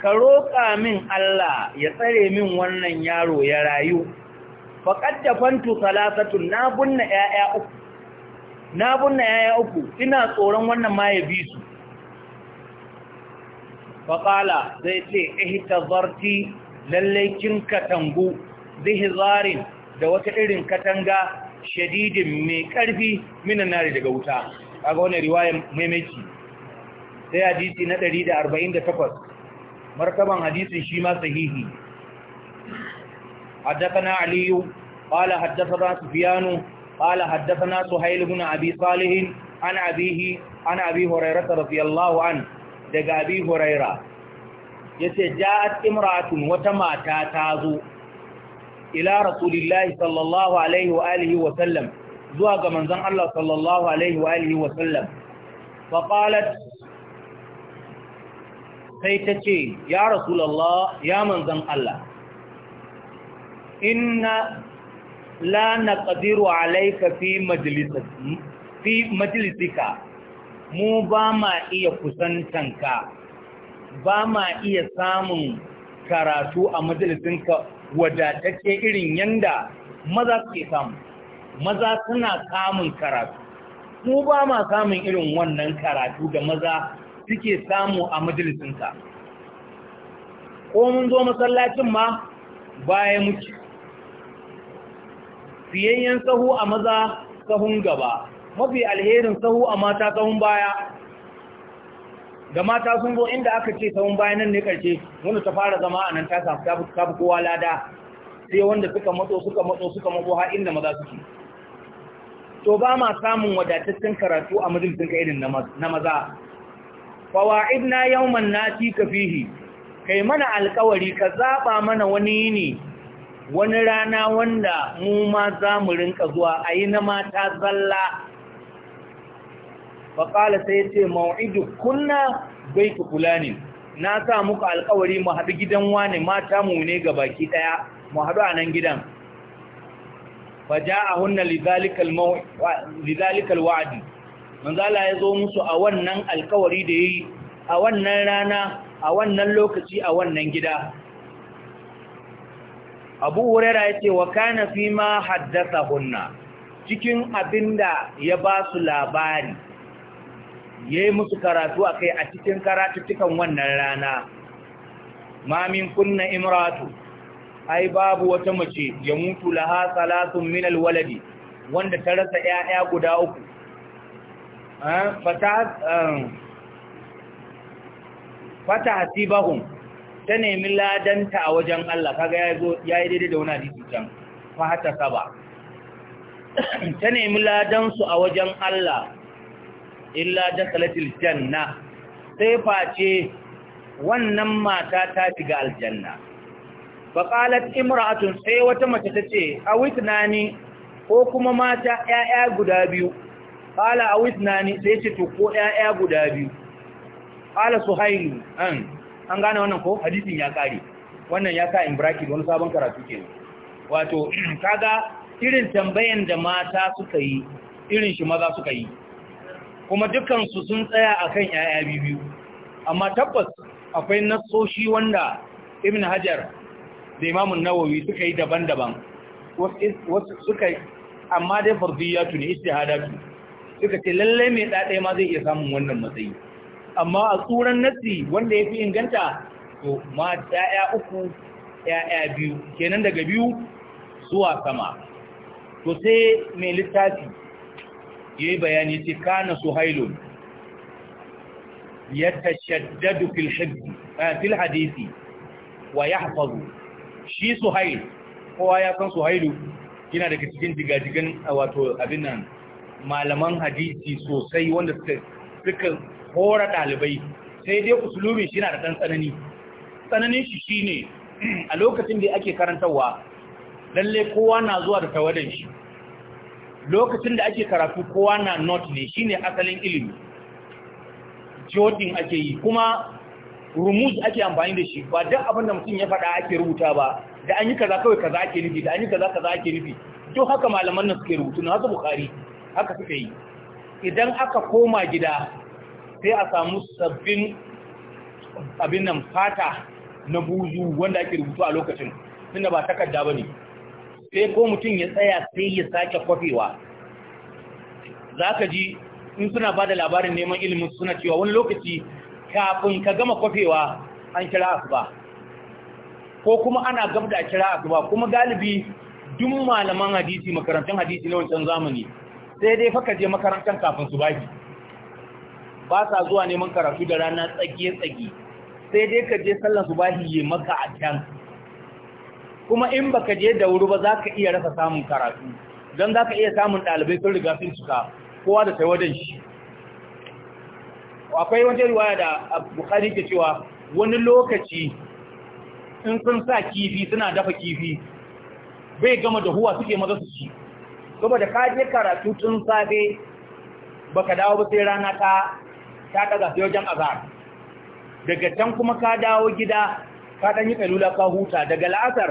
ka roƙa min Allah ya tsare min wannan yaro ya rayu faqad dafantu salasatun na bunna 'ya'ya uku na bunna yaya uku ina tsoron wannan ma ya bi su faƙala zai ce ihtazarti lallai kin katangu zihizarin da wata irin katanga shadidin mai ƙarfi minan nari daga wuta kaga wannan riwaya maimaiki sai hadisi na 148 martaban hadisin shi ma sahihi Bala haddasa قال حدثنا سفيان قال حدثنا سهيل بن أبي صالح عن أبيه عن أبي هريرة رضي الله عنه دق أبي هريرة يتجاءت امرأة وتما تاتازو إلى رسول الله صلى الله عليه وآله وسلم زواج من زن الله صلى الله عليه وآله وسلم فقالت سيتشي يا رسول الله يا من زن الله إن la naqdiru alayka fi majlisati fi majalisika mu ba ma iya kusantanka ba ma iya samun karatu a majalisinka wadatacce irin yanda maza suke samu maza suna samun karatu mu ba ma samun irin wannan karatu da maza suke samu a majalisinka ko mun zo masallacin ma baya muke fiyayyen sahu a maza sahun gaba mafi alherin sahu a mata sahun baya da mata sun zo inda aka ce sahun baya nan ne karshe wanda ta fara zama a nan ta samu ta kowa lada sai wanda suka matso suka matso suka matso har inda maza suke to ba ma samun wadataccen karatu a majalisun ka irin na maza fawa'id na yawman nati ka fihi kai mana alkawari ka zaba mana wani yini wani rana wanda mu ma za mu rinka zuwa a yi na mata zalla faƙala sai ya ce ma'idu kunna bai kula ne na sa muku alkawari mu haɗu gidan wani mata mu ne ga baki ɗaya mu haɗu a nan gidan ja a hunna Lidalikal wa'adi manzala ya zo musu a wannan alkawari da ya yi a wannan rana a wannan lokaci a wannan gida abu huraira ya ce wa kana fi ma haddasa hunna cikin abinda ya ba su labari ya yi musu karatu a kai a cikin karatuttukan wannan rana mamin kunna imratu ai babu wata mace ya mutu laha salatun minal waladi wanda ta rasa 'ya'ya guda uku ah, fata um, hasibahun ta nemi ladanta a wajen Allah kaga ya zo ya yi daidai da wani hadisi can fa hata saba ta nemi ladan su a wajen Allah illa dakhalatil janna sai face wannan mata ta shiga aljanna fa qalat imra'atun sai wata mace tace awitnani ko kuma mata 'ya'ya guda biyu qala awitnani sai ce to ko 'ya'ya guda biyu qala suhailu an an gane wannan ko hadisin ya kare wannan ya sa in bracket wani sabon karatu ke wato kaga irin tambayan da mata suka yi irin shi maza suka yi kuma dukansu sun tsaya akan yaya biyu amma tabbas akwai nasoshi wanda ibn hajar da imamun nawawi suka yi daban-daban wasu suka amma dai fardiyatu ne istihadatu suka ce lallai mai ɗaɗe ma zai iya samun wannan matsayi amma a tsuran nassi wanda ya fi inganta to ma ya'ya uku ya'ya biyu kenan daga biyu zuwa sama to sai mai littafi ya yi bayani ce kana su hailun ya shaddadu fil eh, hadisi wa ya hafazu shi su hail kowa ya san su hailu yana daga cikin jigajigan wato abin nan malaman hadisi sosai wanda suka hora ɗalibai sai dai usulubin shi na da ɗan tsanani tsananin shi shi ne a lokacin da ake karantarwa lalle kowa na zuwa da tawadan shi lokacin da ake karatu kowa na not ne shi ne asalin ilimi jodin ake yi kuma rumuz ake amfani da shi ba duk abin da mutum ya faɗa ake rubuta ba da an yi kaza kawai kaza ake nufi da an yi kaza kaza ake nufi to haka malaman nan suke rubutu na haka bukari haka suka yi idan aka koma gida sai a samu sabbin abin nan fata na buzu wanda ake rubutu a lokacin tunda ba takarda bane sai ko mutum ya tsaya sai ya sake kwafewa zaka ji in suna ba da labarin neman ilimin suna cewa wani lokaci kafin ka gama kwafewa an kira asuba ko kuma ana gab da kira asuba kuma galibi duk malaman hadisi makarantun hadisi na wancan zamani sai dai faka je makarantar kafin su baki ba sa zuwa neman karatu da rana tsage-tsage sai dai ka je sallar subahi yi maka a can kuma in baka je da wuri ba za ka iya rasa samun karatu don za ka iya samun ɗalibai sun riga sun cika kowa da taiwadon shi akwai wata riwaya da bukari ke cewa wani lokaci in sun sa kifi suna dafa kifi bai gama da huwa suke maza su ci saboda ka je karatu tun safe baka dawo ba sai rana ta ta daga sai wajen azhar daga can kuma ka dawo gida ka dan yi kalula ka huta daga la'asar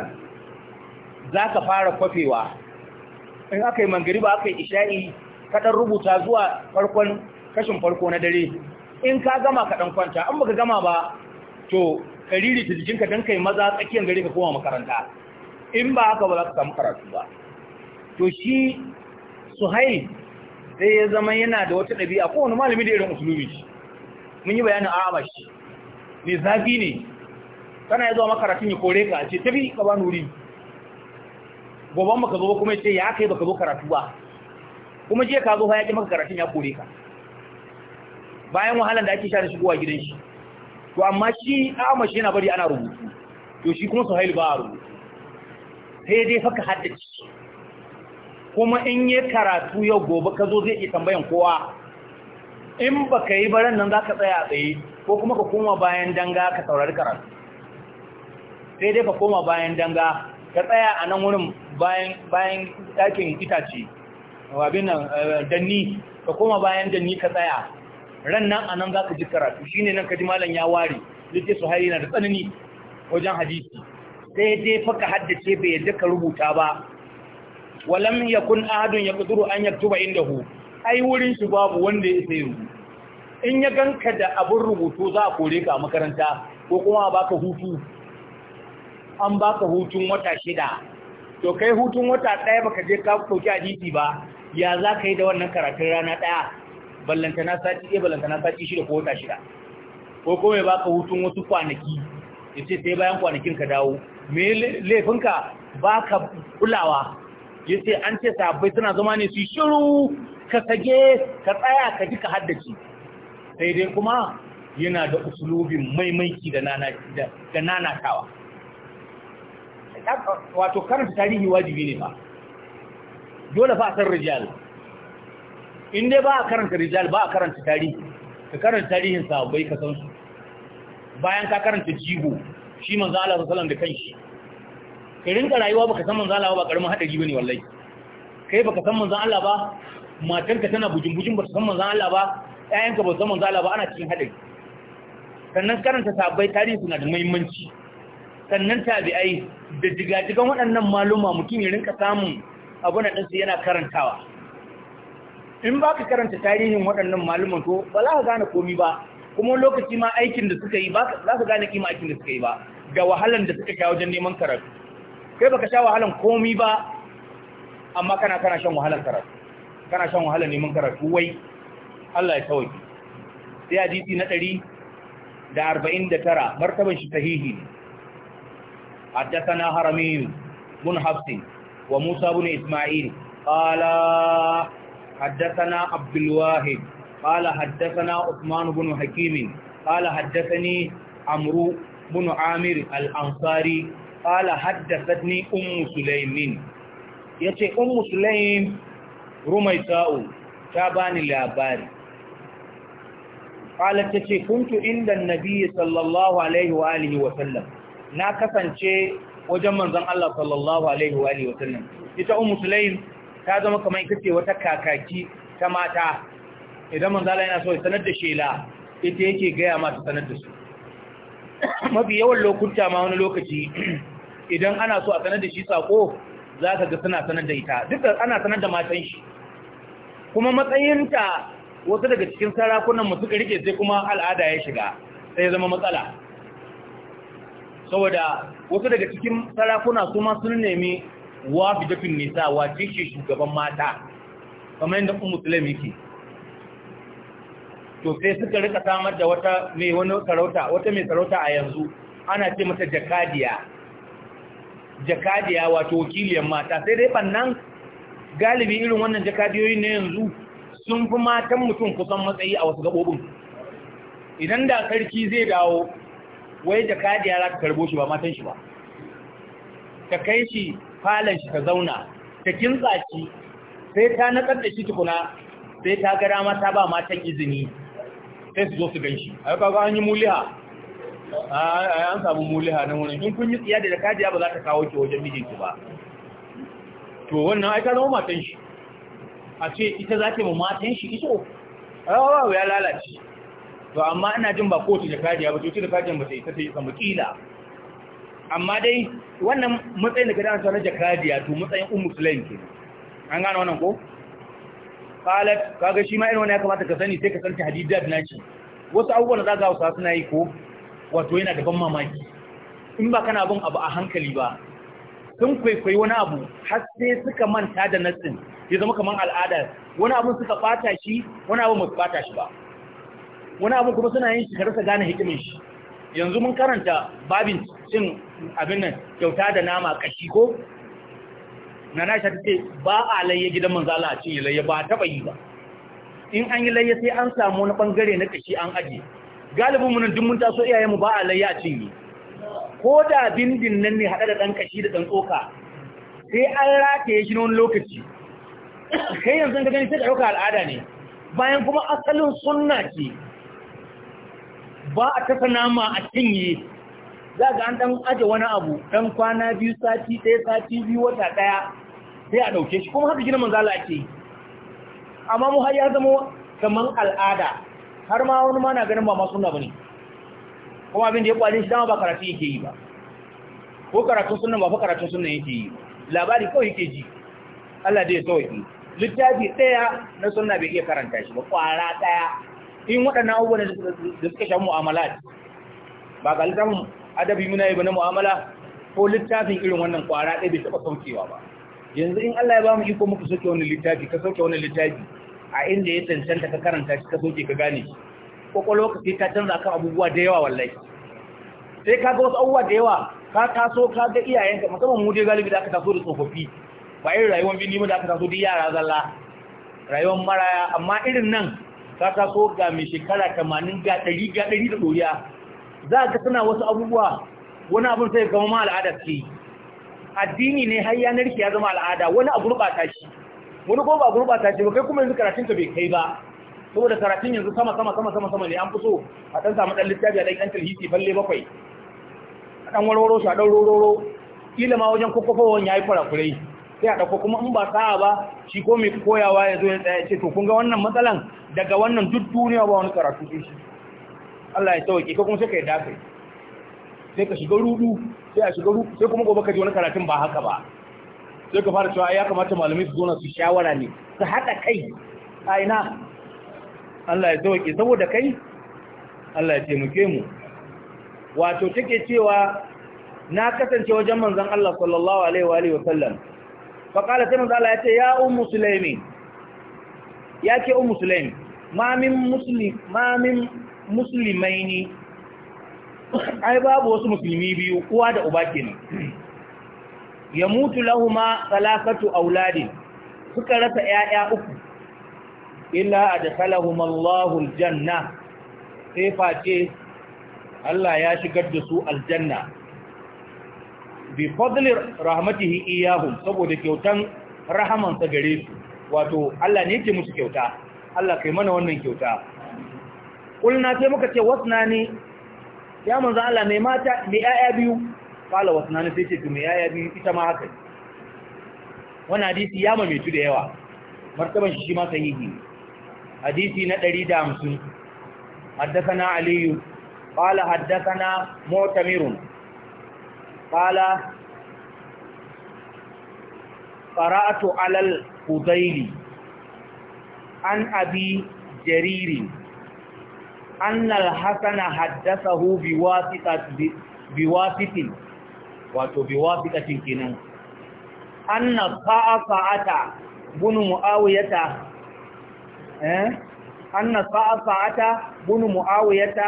za ka fara kwafewa in aka yi mangariba aka yi isha'i ka dan rubuta zuwa farkon kashin farko na dare in ka gama ka dan kwanta an baka gama ba to kariri ta jikinka dan kai maza tsakiyar gari ka koma makaranta in ba haka ba za ka samu karatu ba to shi suhail sai ya zama yana da wata ɗabi'a kowane malami da irin usulubi mun yi bayanin amash ne zafi ne kana ya zuwa makaratun ya kore ka ce tafi ka ba nuri goban baka zo kuma ce ya kai baka zo karatu ba kuma je ka zo fa ya ki maka karatun ya kore ka bayan wahalan da ake sha da shigowa gidan shi to amma shi amash yana bari ana rubutu to shi kuma suhail ba a rubutu sai dai faka haddace kuma in yi karatu yau gobe ka zo zai iya tambayan kowa in ba ka yi baran nan za ka tsaya a tsaye ko kuma ka koma bayan danga ka saurari karatu sai dai ka koma bayan danga ka tsaya a nan wurin bayan ɗakin itace wabin nan eh, danni ka koma bayan danni ka tsaya ran nan a nan za ka ji karatu shi ne nan ka ji malam ya ware yake su hari na da tsanani wajen hadisi sai dai faka haddace bai yadda ka rubuta ba walam yakun ahadun yaqduru an yaktuba indahu ai wurin shi babu wanda ya sai rubutu in ya ganka da abin rubutu za a kore ka a makaranta ko kuma ba ka hutu an baka hutun wata shida to kai hutun wata ɗaya baka je ka ɗauki hadisi ba ya za ka yi da wannan karatun rana ɗaya na sati ɗaya na sati shida ko wata shida ko kuma ya baka hutun wasu kwanaki ya ce sai bayan kwanakin ka dawo me laifinka baka kulawa ya ce an ce sabai suna zama ne su shiru ka sage ka tsaya ka ji ka haddace sai dai kuma yana da usulubin maimaiki da nanatawa wato karanta tarihi wajibi ne ba dole fa a san rijal in dai ba a karanta rijal ba a karanta tarihi ka karanta tarihin sahabbai ka san su bayan ka karanta jigo shi manzo Allah sallallahu alaihi da kanshi ka rinka rayuwa baka san manzo Allah ba karamin hadari bane wallahi kai baka san manzo Allah ba matanka tana bujin bujin ba su san manzan Allah ba ƴaƴanka ba su san manzan Allah ba ana cikin hadari sannan karanta sabai tarihi suna da muhimmanci sannan tabi'ai da jigajigan waɗannan maluma mutum ya rinka samun abu na ɗinsu yana karantawa in ba ka karanta tarihin waɗannan maluman to ba za ka gane komi ba kuma lokaci ma aikin da suka yi ba za ka gane kima aikin da suka yi ba ga wahalan da suka sha wajen neman karatu kai baka sha wahalan komi ba amma kana kana shan wahalan karatu kana shan wahala neman karatu wai Allah ya kawai sai hadisi na ɗari da arba'in da tara martaban shi sahihi ne حدثنا هرمي بن حفص وموسى بن إسماعيل قال حدثنا عبد الواحد قال حدثنا عثمان بن حكيم قال حدثني عمرو بن عامر الأنصاري قال حدثتني أم سليم يتي أم سليم rumaita'u ta bani labari ta ce kuntu inda nabi sallallahu alaihi wa alihi wa sallam na kasance wajen manzon Allah sallallahu alaihi wa alihi wa sallam ita ummu sulaim ta zama kamar ita ce wata kakaki ta mata idan manzon Allah yana so ya sanar da shela ita yake gaya masu sanar da su mafi yawan lokuta ma wani lokaci idan ana so a sanar da shi sako za ka ga suna sanar da ita da ana sanar da matan shi kuma matsayinta wasu daga cikin sarakunan mu suka rike sai kuma al'ada ya shiga sai ya zama matsala saboda wasu daga cikin sarakuna su ma sun nemi wafi dafin nisa wace shi shugaban mata kamar yadda kuma musulun yake to sai suka rika samar da wata mai sarauta wata mai sarauta a yanzu ana ce mata jakadiya jakadiya wato wakiliyar mata sai dai bannan galibi irin wannan jakadiyoyi na yanzu sun fi matan mutum kusan matsayi a wasu gaɓoɓin idan da sarki zai dawo wai jakadiya za ta karbo shi ba matan shi ba ta kai shi falon shi ta zauna ta kintsa shi sai ta natsar da shi tukuna sai ta gara mata ba matan izini sai su zo su gan shi a yi kaga an yi muliha a an samu muliha nan wurin in kun yi tsiya da kajiya ba za ta kawo ki wajen mijinki ba to wannan ai ta zama matan shi a ce ita za ta yi matan shi iso rawa ya lalace to amma ina jin ba kotu da kajiya ba cutu da kajiya ba sai ta ta yi sama kila amma dai wannan matsayin da dama sanar da kajiya to matsayin un musulmi ke an gane wannan ko qalat kaga shi ma irin wani ya kamata ka sani sai ka san ta hadiddat naci wasu abubuwan da za ga hausa suna yi ko wato yana da ban mamaki in ba kana bin abu a hankali ba sun kwaikwayi wani abu har sai suka manta da nassin ya zama kamar al'ada wani abu suka fata shi wani abu mai fata shi ba wani abu kuma suna yin shi ka rasa gane hikimin shi yanzu mun karanta babin cin abin nan kyauta da nama kashi ko na na ta ce ba a layye gidan manzo Allah a ce ya ba taba yi ba in an yi layya sai an samu wani bangare na kashi an aje galibin munan duk mun taso iyayenmu ba a layya a cinye ko da bindin nan ne haɗa da ɗan kashi da ɗan tsoka sai an ya shi na wani lokaci kai yanzu ka gani sai ka al'ada ne bayan kuma asalin sunna ce ba a tasa nama a cinye za ga an ɗan aje wani abu ɗan kwana biyu sati ɗaya sati biyu wata ɗaya sai a ɗauke shi kuma haka gina manzala ake amma mu har ya zama kamar al'ada har ma wani ma na ganin ba masu na bane kuma abin da ya kwalin shi dama ba karatu yake yi ba ko karatun sunna ba fa karatun sunna yake yi labari kawai yake ji Allah dai ya sauki littafi daya na sunna bai iya karanta shi ba kwara daya in waɗannan abubuwan da suka shafi mu'amala ba ga littafin adabi muna yi ba na mu'amala ko littafin irin wannan kwara ɗaya bai taɓa saukewa ba yanzu in Allah ya ba mu iko muku sauke wani littafi ka sauke wani littafi a inda ya cancanta ka karanta shi ka soke ka gane kwakwalwa ka sai ta canza kan abubuwa da yawa wallai. sai ka ga wasu abubuwa da yawa ka taso ka ga iyayenka musamman mu dai galibi da aka taso da tsofaffi ba irin rayuwar bini da aka taso da yara zalla rayuwar maraya amma irin nan ka taso ga mai shekara tamanin ga ɗari ga ɗari da ɗoriya za ka suna wasu abubuwa wani abin sai ka ma al'ada ce addini ne har yanar ki ya zama al'ada wani a gurɓata shi wani ko ba gurbata shi ba kai kuma yanzu karatun ka bai kai ba saboda karatun yanzu sama sama sama sama sama ne an fito a dan samu dan littafi a dan yan talhisi balle bakwai a dan warwaro shi a dan roro kila ma wajen ya yayi kurakurai sai a dauko kuma in ba sa'a ba shi ko mai koyawa ya zo ya tsaya ce to kun ga wannan matsalan daga wannan duk duniya ba wani karatu sai shi Allah ya tawake ka kuma sai ka yi dafe sai ka shiga rudu sai a shiga rudu sai kuma gobe ka ji wani karatun ba haka ba sai ka fara cewa ya kamata malamai su zona su shawara ne su haɗa kai a ina Allah ya sauke saboda kai Allah ya taimake mu wato take cewa na kasance wajen manzon Allah sallallahu alaihi wa alihi wasallam fa qala sai manzon Allah ya ce ya ummu sulaimi ya ce ummu sulaimi ma min muslim ma min muslimaini ai babu wasu musulmi biyu uwa da uba kenan ya mutu lahuma salasatu auladin suka rasa ‘ya'ya uku illa a da salahumallahu aljanna sai face Allah ya shigar da su aljanna bi fadlir rahmatihi iyahum saboda kyautan rahamansa gare su wato Allah ne ke musu kyauta Allah kai mana wannan kyauta kulna sai muka ce wasu na ne. ya manzo Allah mai mata mai yaya biyu kwallo wasu nanu sai ce jume ya yabi ita ma haka wani hadisi ya ma metu da yawa martaban shi ma sai yi hadisi na ɗari da Haddasa na aliyu haddasa na kwallo haddasana motamirun kwallo to alal kudaili an abi jariri an nalhasana haddasa hu fitin. wato bi wafiqatin kinan anna sa'ata bunu muawiyata eh anna sa'ata bunu muawiyata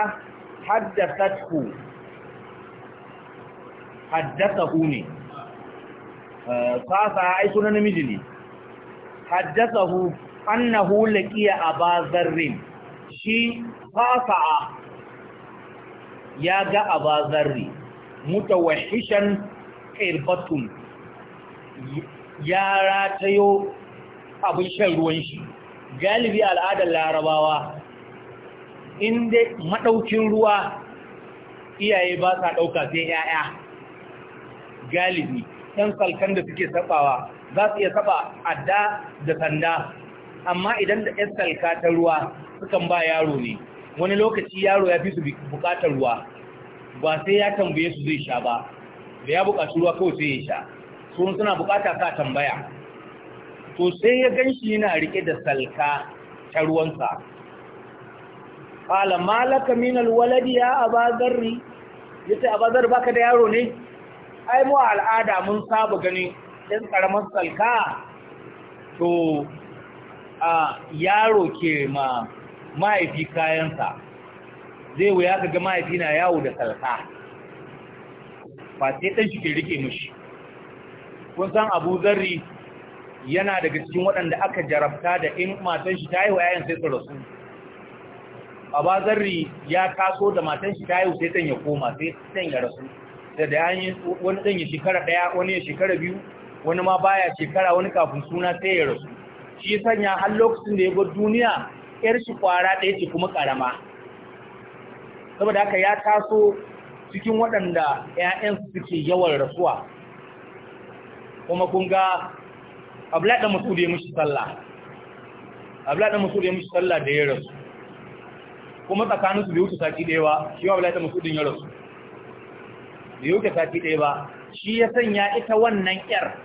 haddathathu haddathahu ne eh, sa'ata ai sunan namiji ne haddathahu annahu laqiya abazarrin shi sa'ata ya ga abazarrin mutawahishan qirbatun ya ratayo abin shan ruwan shi galibi al'adar larabawa inda maɗaukin ruwa iyaye ba sa ɗauka sai ‘ya'ya galibi ɗan salkan da suke saɓawa za su iya saɓa adda da sanda amma idan da ‘yan salka ta ruwa sukan ba yaro ne wani lokaci yaro ya fi su buƙatar ruwa ba sai ya tambaye su zai sha ba da ya buƙaci ruwa kawai sai ya sha su suna buƙata ka tambaya to sai ya gan shi yana riƙe da salka ta ruwansa ƙala malaka minal waladi ya abazarri ya ce abazar baka da yaro ne ai mu al'ada mun saba gani ɗin ƙaramar salka to a yaro ke ma mahaifi kayansa zai wuya ka ga mahaifina yawo da salka ba ɗan shi ke rike mashi. kun san abu zarri yana daga cikin waɗanda aka jarabta da in matan shi ta yi wa yayin sai su rasu abu zarri ya taso da matan shi ta yi sai ɗan ya koma sai ɗan ya rasu da da yanyi wani ɗan ya shekara ɗaya wani ya shekara biyu wani ma baya shekara wani kafin suna sai ya rasu shi sanya har lokacin da ya bar duniya yar shi kwara ɗaya ce kuma ƙarama saboda haka ya taso cikin waɗanda 'ya'yansu suke yawan rasuwa kuma kun ga abulada da ya mishi sallah abulada da ya mishi sallah da ya rasu kuma tsakanin su bai wuce sati ɗaya ba shi wa abulada da ya rasu bai wuce sati ɗaya ba shi ya sanya ita wannan ƙyar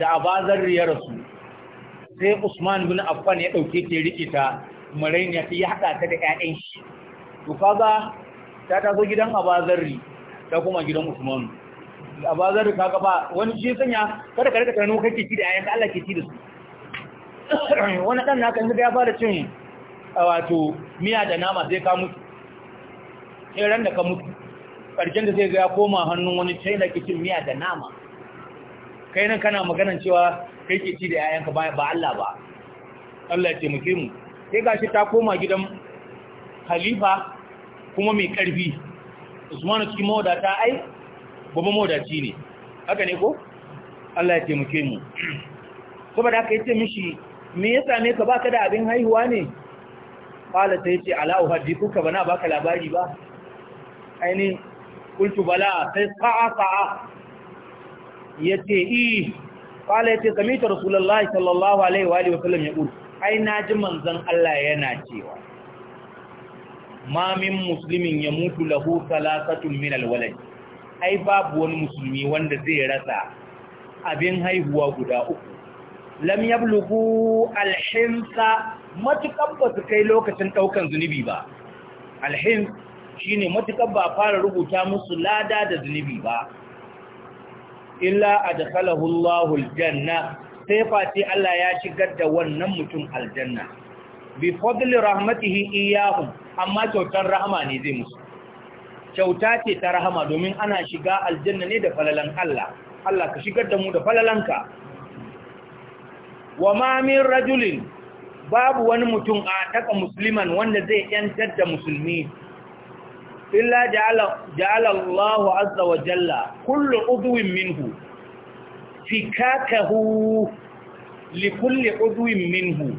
da abazar ya rasu sai usman bin affan ya ɗauke ta ya riƙe ta marain ta yi haɗa ta da 'ya'yan shi to ta taso gidan abazarri ta kuma gidan usman abazarri kaga ba wani shi sanya kada ka rika kake ci da ayan Allah ke ci da su wani dan naka inda ya fara cin wato miya da nama sai ka mutu sai ran da ka mutu karshen da sai ga ya koma hannun wani china ke cin miya da nama kai nan kana maganan cewa kai ke ci da yayanka ba Allah ba Allah ya taimake mu sai gashi ta koma gidan halifa kuma mai karfi usmanu cikin mawadata ai babban mawadaci ne haka ne ko Allah ya taimake mu saboda haka yace mishi me ya same ka baka da abin haihuwa ne qala sai yace ala uhaddithuka bana baka labari ba aini qultu bala sai sa'a sa'a yace i qala yace kamita rasulullahi sallallahu alaihi wa alihi ya qul ai ji manzon Allah yana cewa ma min muslimin ya mutu lahu salasatun min alwalad ai babu wani musulmi wanda zai rasa abin haihuwa guda uku lam yablughu alhinsa matukan ba su kai lokacin daukan zunubi ba alhin shine matukan ba fara rubuta musu lada da zunubi ba illa adkhalahu Allahu aljanna sai Fati Allah ya shigar da wannan mutum aljanna bi fadli rahmatihi iyyahum amma kyautar rahama ne zai musu kyauta ce ta rahama domin ana shiga aljanna ne da falalan Allah Allah ka shigar da mu da falalanka wa ma min rajulin babu wani mutum a taka musliman wanda zai yantar da musulmi illa ja'ala Allah azza wa jalla kullu udwin minhu fikakahu li kulli udwin minhu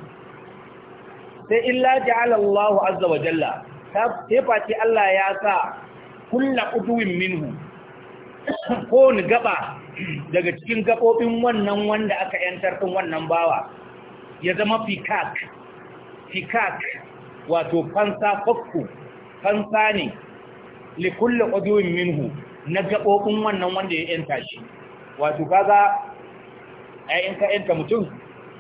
sai illa ja'ala Allahu azza wa jalla ta face Allah ya sa kullu uduwin minhu ko ni gaba daga cikin gabobin wannan wanda aka yantar din wannan bawa ya zama fikak fikak wato fansa fakku fansa ne li kullu uduwin minhu na gabobin wannan wanda ya yanta shi wato kaga ai in ka yanta mutum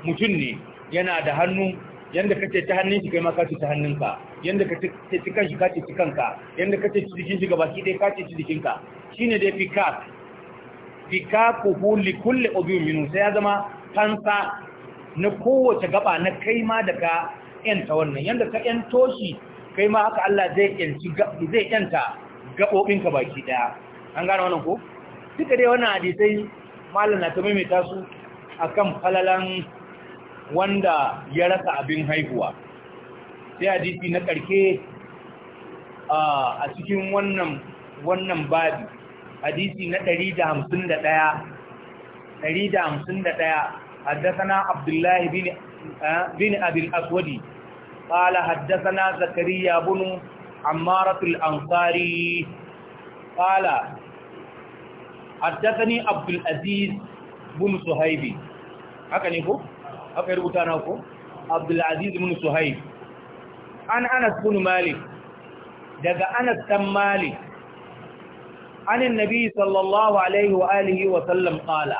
mutum ne yana da hannu yanda kace ta hannun shi kai ma ka ci ta hannunka yanda kace ci kan shi ka ci kanka yanda kace ci jikin shi ki dai ka ci jikinka shine dai fika fikakuhu huli kulli udhun minhu sai ya zama kansa na kowace gaba na kai ma daga yanta wannan yanda ka yanto shi kai ma haka Allah zai yanci zai yanta gabobin ka baki daya an gane wannan ko duka dai wannan hadisi mallan na ta maimaita su akan falalan wanda ya rasa abin haihuwa sai hadisi na ƙarke a cikin wannan wannan babi hadisi na 151 151 haddasa abdullahi bin abin aswadi ƙala haddasa na zakariya bunu ammaratul ansari ƙala haddasa ni abdulaziz bunu suhaibi haka ne ko? aka rubuta na ku abdulaziz bin suhaib an anas bin malik daga anas dan malik an annabi sallallahu alaihi wa alihi wa sallam qala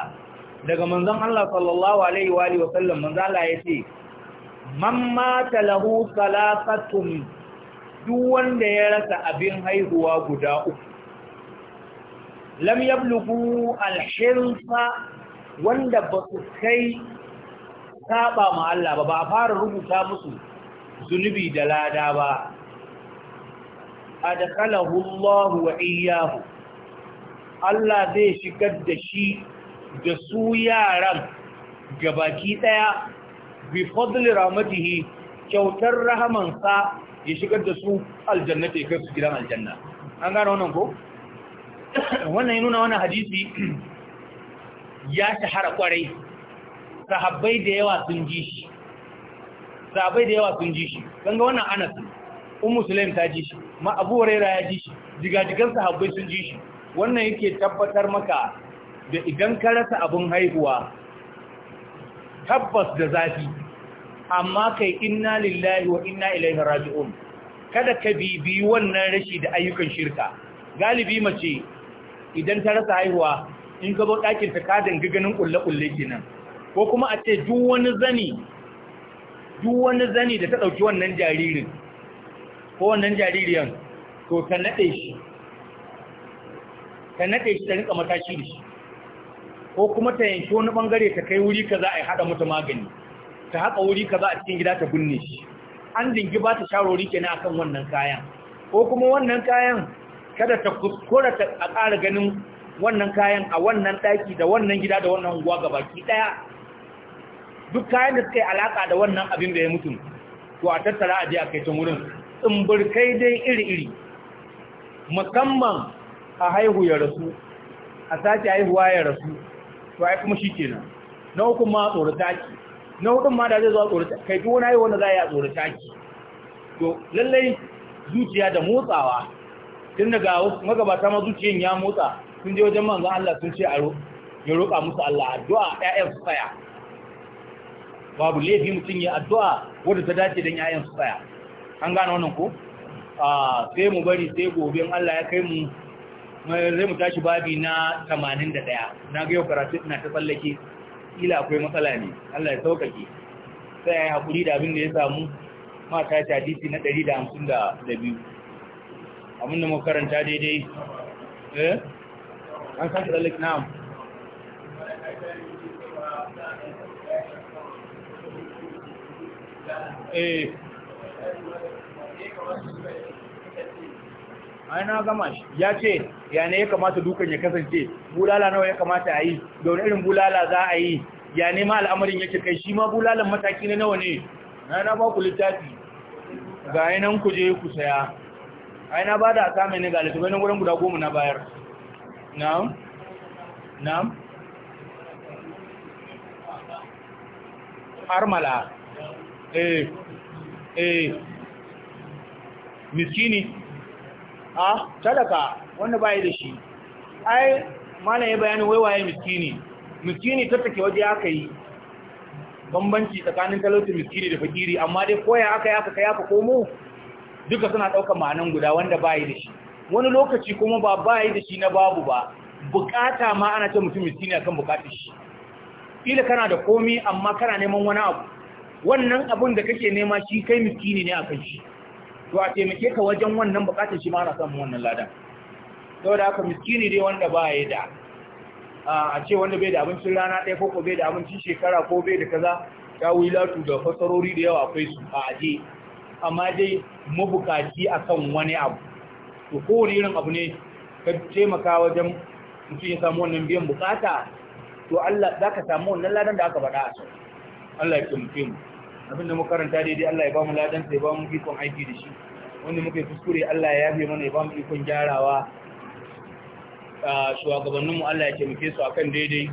daga manzon Allah sallallahu alaihi wa alihi wa sallam manzon Allah yace man mata lahu salatatun duk wanda ya rasa abin haihuwa guda uku lam yablughu al-hirsa wanda ba su kai saba ma Allah ba ba a fara rubuta musu zunubi da lada ba adakalahu Allah wa Allah zai shigar da shi da su yaran gabaki daya bi fadli rahmatihi kyautar rahamansa ya shigar da su aljanna ta kai su gidan aljanna an gane wannan ko wannan ya nuna wannan hadisi ya shahara kwarai sahabbai da yawa sun ji shi sahabbai da yawa sun ji shi ganga wannan anas un musulun ta ji shi ma abu ya ji shi jigajigan sahabbai sun ji shi wannan yake tabbatar maka da idan ka rasa abin haihuwa tabbas da zafi amma kai inna lillahi wa inna ilaihi raji'un kada ka bibi wannan rashi da ayyukan shirka galibi mace idan ta rasa haihuwa in ka zo ɗakin ta ga ganin ƙulle-ƙulle kenan ko kuma a ce duk wani zani duk wani zani da ta ɗauki wannan jaririn ko wannan jaririyan to ta naɗe shi ta nade shi ta rika matashi da shi ko kuma ta yanke wani ɓangare ta kai wuri ka za a yi haɗa mata magani ta haƙa wuri ka za a cikin gida ta binne shi an dingi ba ta sharori kenan akan wannan kayan ko kuma wannan kayan kada ta kuskura ta a ƙara ganin wannan kayan a wannan ɗaki da wannan gida da wannan unguwa gabaki ɗaya duk kayan da suka yi alaƙa da wannan abin da ya mutum to a tattara a je a kai can wurin tsumburkai dai iri-iri musamman a haihu ya rasu a sake haihuwa ya rasu to ai kuma shikenan na uku ma tsorata ki na hudun ma da zai zuwa tsorata kai to wani haihuwa wanda za a yi a tsorata ki to lallai zuciya da motsawa tun daga magabata ma zuciyan ya motsa sun je wajen manzan Allah sun ce a ya roƙa musu Allah addu'a ƴaƴan su tsaya babu laifi mutum ya addu'a wadda ta dace don yayan su tsaya an gane wannan ko sai mu bari sai gobe Allah ya kai mu zai mu tashi babi na 81 na ga yau karatu ina ta tsallake ila akwai matsala ne Allah ya saukake sai ya yi haƙuri da abin da ya samu mata ta hadisi na 152 abin da mu karanta daidai eh an san tsallake na'am Eh. ai na gama shi ya ce ya ne ya kamata dukan ya kasance bulala nawa ya kamata a yi da wani irin bulala za a yi ya ne ma al'amarin ce kai shi ma bulalan mataki na nawa ne na na ba ku littafi ga yanan ku je ku saya ai na ba da asami ne ga littafi na wurin guda goma na bayar na'am na'am armala eh eh miskini a talaka wanda bai da shi ai mana ya bayanin waiwaye miskini miskini ta take waje aka yi bambanci tsakanin talautin miskini da fakiri amma dai koya aka yi aka kayafa ko komo duka suna ɗaukar ma'anan guda wanda bai da shi wani lokaci kuma ba bai da shi na babu ba bukata ma ana ce mutum miskini akan bukatar shi kila kana da komi amma kana neman wani abu wannan abun da kake nema shi kai miskini ne akan shi to a taimake ka wajen wannan bukatun shi ma ana samun wannan ladan saboda haka miskini dai wanda ba ya da a ce wanda bai da abincin rana ɗaya ko bai da abincin shekara ko bai da kaza ta wilatu da fasarori da yawa akwai su a aje amma dai mabukaci akan wani abu to kowane irin abu ne ka taimaka wajen mutum ya samu wannan biyan bukata to Allah za ka samu wannan ladan da aka faɗa a sau Allah ya tumfe mu abin da makaranta daidai Allah ya ba mu ladan sai ya ba mu ikon aiki da shi wanda muka yi kuskure Allah ya yafe mana ya ba mu ikon gyarawa shugabanninmu Allah ya taimake su akan daidai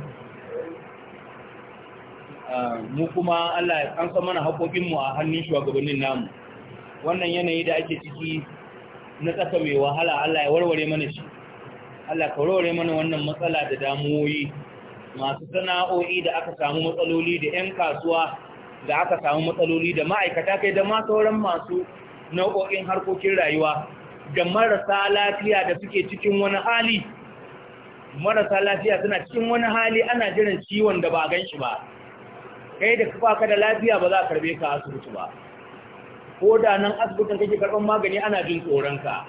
mu kuma Allah ya san mana haƙoƙinmu a hannun shugabannin namu wannan yanayi da ake ciki na tsaka mai wahala Allah ya warware mana shi Allah ka warware mana wannan matsala da damuwoyi masu sana'o'i da aka samu matsaloli da 'yan kasuwa da aka samu matsaloli da ma'aikata kai da ma sauran masu nau'o'in harkokin rayuwa da marasa lafiya da suke cikin wani hali marasa lafiya suna cikin wani hali ana jiran ciwon da ba gan shi ba kai da kafa ka da lafiya ba za a karbe ka asibiti ba ko da nan asibitin kake karɓar magani ana jin tsoronka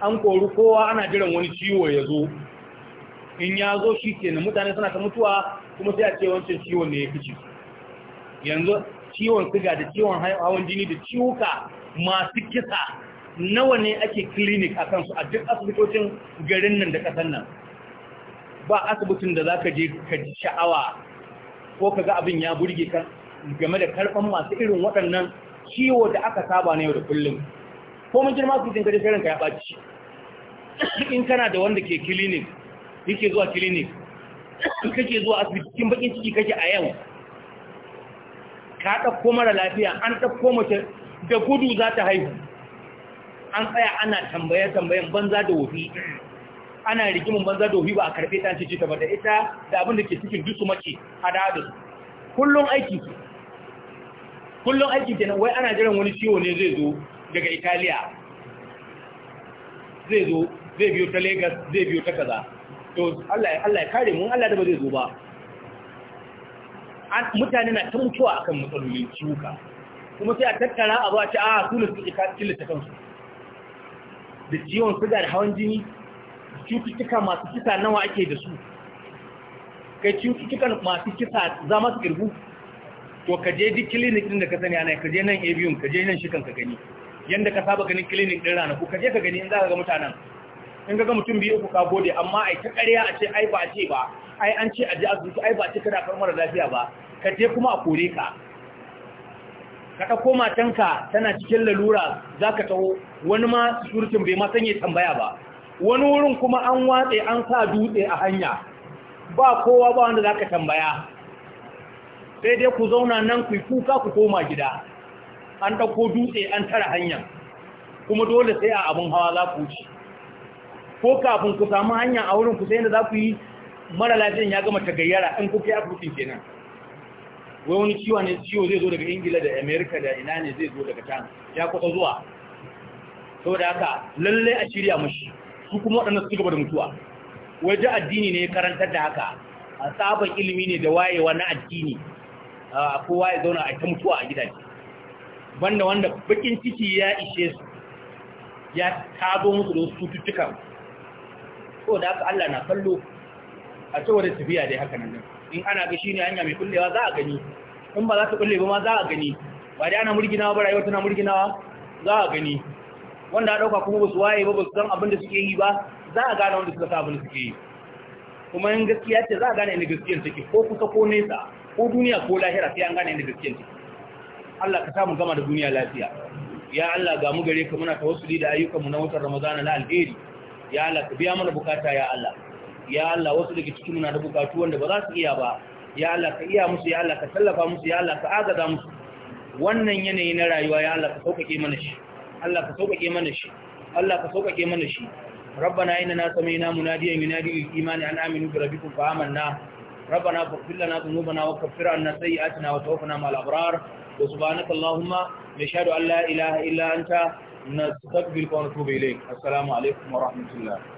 an kori kowa ana jiran wani ciwo ya zo in ya zo shi ke mutane suna ta mutuwa kuma sai a ce wancan ciwon ne ya fice yanzu ciwon siga da ciwon hawan jini da ciwuka masu kisa nawa ne ake klinik a kansu a duk asibitocin garin nan da ƙasar nan ba asibitin da za ka je ka sha'awa ko ka ga abin ya burge ka game da karɓan masu irin waɗannan ciwo da aka saba na yau da kullum ko mun girma su jin kaje sai ka ya ɓaci in kana da wanda ke klinik. yake zuwa clinic kake zuwa asibiti cikin bakin ciki kake a yau ka ɗauko mara lafiya an ɗauko mace da gudu za ta haihu an tsaya ana tambaye-tambayen banza da wofi ana rigimin banza da wofi ba a karfe ta ce ta bada ita da abin da ke cikin dusu mace hada da su kullum aiki kullum aiki kenan wai ana jiran wani ciwo ne zai zo daga italiya zai zo zai biyo ta lagos zai biyo ta kaza to Allah ya kare mu Allah da ba zai zo ba mutane na ta mutuwa akan matsalolin ciwuka kuma sai a tattara a ba ta a ah, su ne suke killata kansu da ciwon suga da hawan jini cututtuka masu kisa nawa ake da su kai cututtukan masu kisa za masu kirgu to ka je duk clinic din da ka sani ana ka je nan avion ka je nan shikan ka gani yanda ka saba ganin clinic din ranaku ka je ka gani in za ka ga mutanen in ga mutum biyu uku ka gode amma ai ta ƙarya a ce ai ba a ce ba ai an ce a ji asibiti ai ba a ce kada kar mara lafiya ba ka je kuma a kore ka ka ɗauko matanka tana cikin lalura za ka taho wani ma surutun bai ma sanya tambaya ba wani wurin kuma an watse an sa dutse a hanya ba kowa ba wanda za ka tambaya sai dai ku zauna nan ku kuka ku koma gida an ɗauko dutse an tara hanyar kuma dole sai a abin hawa za ku wuce. ko kafin ku samu hanya a wurin ku sai da za ku yi mara lafiyan ya gama tagayyara in kuke afirkin kenan wai wani ciwo ne ciwo zai zo daga ingila da amerika da ina ne zai zo daga can ya kusa zuwa saboda haka lalle a shirya mashi su kuma waɗanda su gaba da mutuwa waje addini ne karantar da haka a sabon ilimi ne da wayewa na addini a kowa ya zauna a ta mutuwa a gidaje banda wanda bakin ciki ya ishe su ya tabo musu da wasu cututtukan ko da haka Allah na kallo a cewa da tafiya dai haka nan in ana ga shine hanya mai kullewa za a gani in ba za ta kulle ba ma za a gani ba dai ana murginawa ba rayuwa tana murginawa za a gani wanda a dauka kuma ba su waye ba ba su san abin da suke yi ba za a gane wanda suka sa abin da suke yi kuma in gaskiya ce za a gane inda gaskiyar take ko kusa ko nesa ko duniya ko lahira sai an gane inda gaskiyar take Allah ka mu gama da duniya lafiya ya Allah ga mu gare ka muna tawassuli da ayyukan mu na watan Ramadana na alheri ya Allah ka biya mana bukata ya Allah ya Allah wasu daga cikin muna da bukatu wanda ba za su iya ba ya Allah ka iya musu ya Allah ka tallafa musu ya Allah ka agaza musu wannan yanayi na rayuwa ya Allah ka sauƙaƙe mana shi Allah ka sauƙaƙe mana shi Allah ka sauƙaƙe mana shi ربنا إننا سمعنا مناديا ينادي للإيمان أن آمنوا بربكم فآمنا ربنا فاغفر لنا ذنوبنا وكفر عنا سيئاتنا وتوفنا مع الأبرار وسبحانك اللهم نشهد أن لا إله إلا أنت نستقبلك ونتوب إليك السلام عليكم ورحمة الله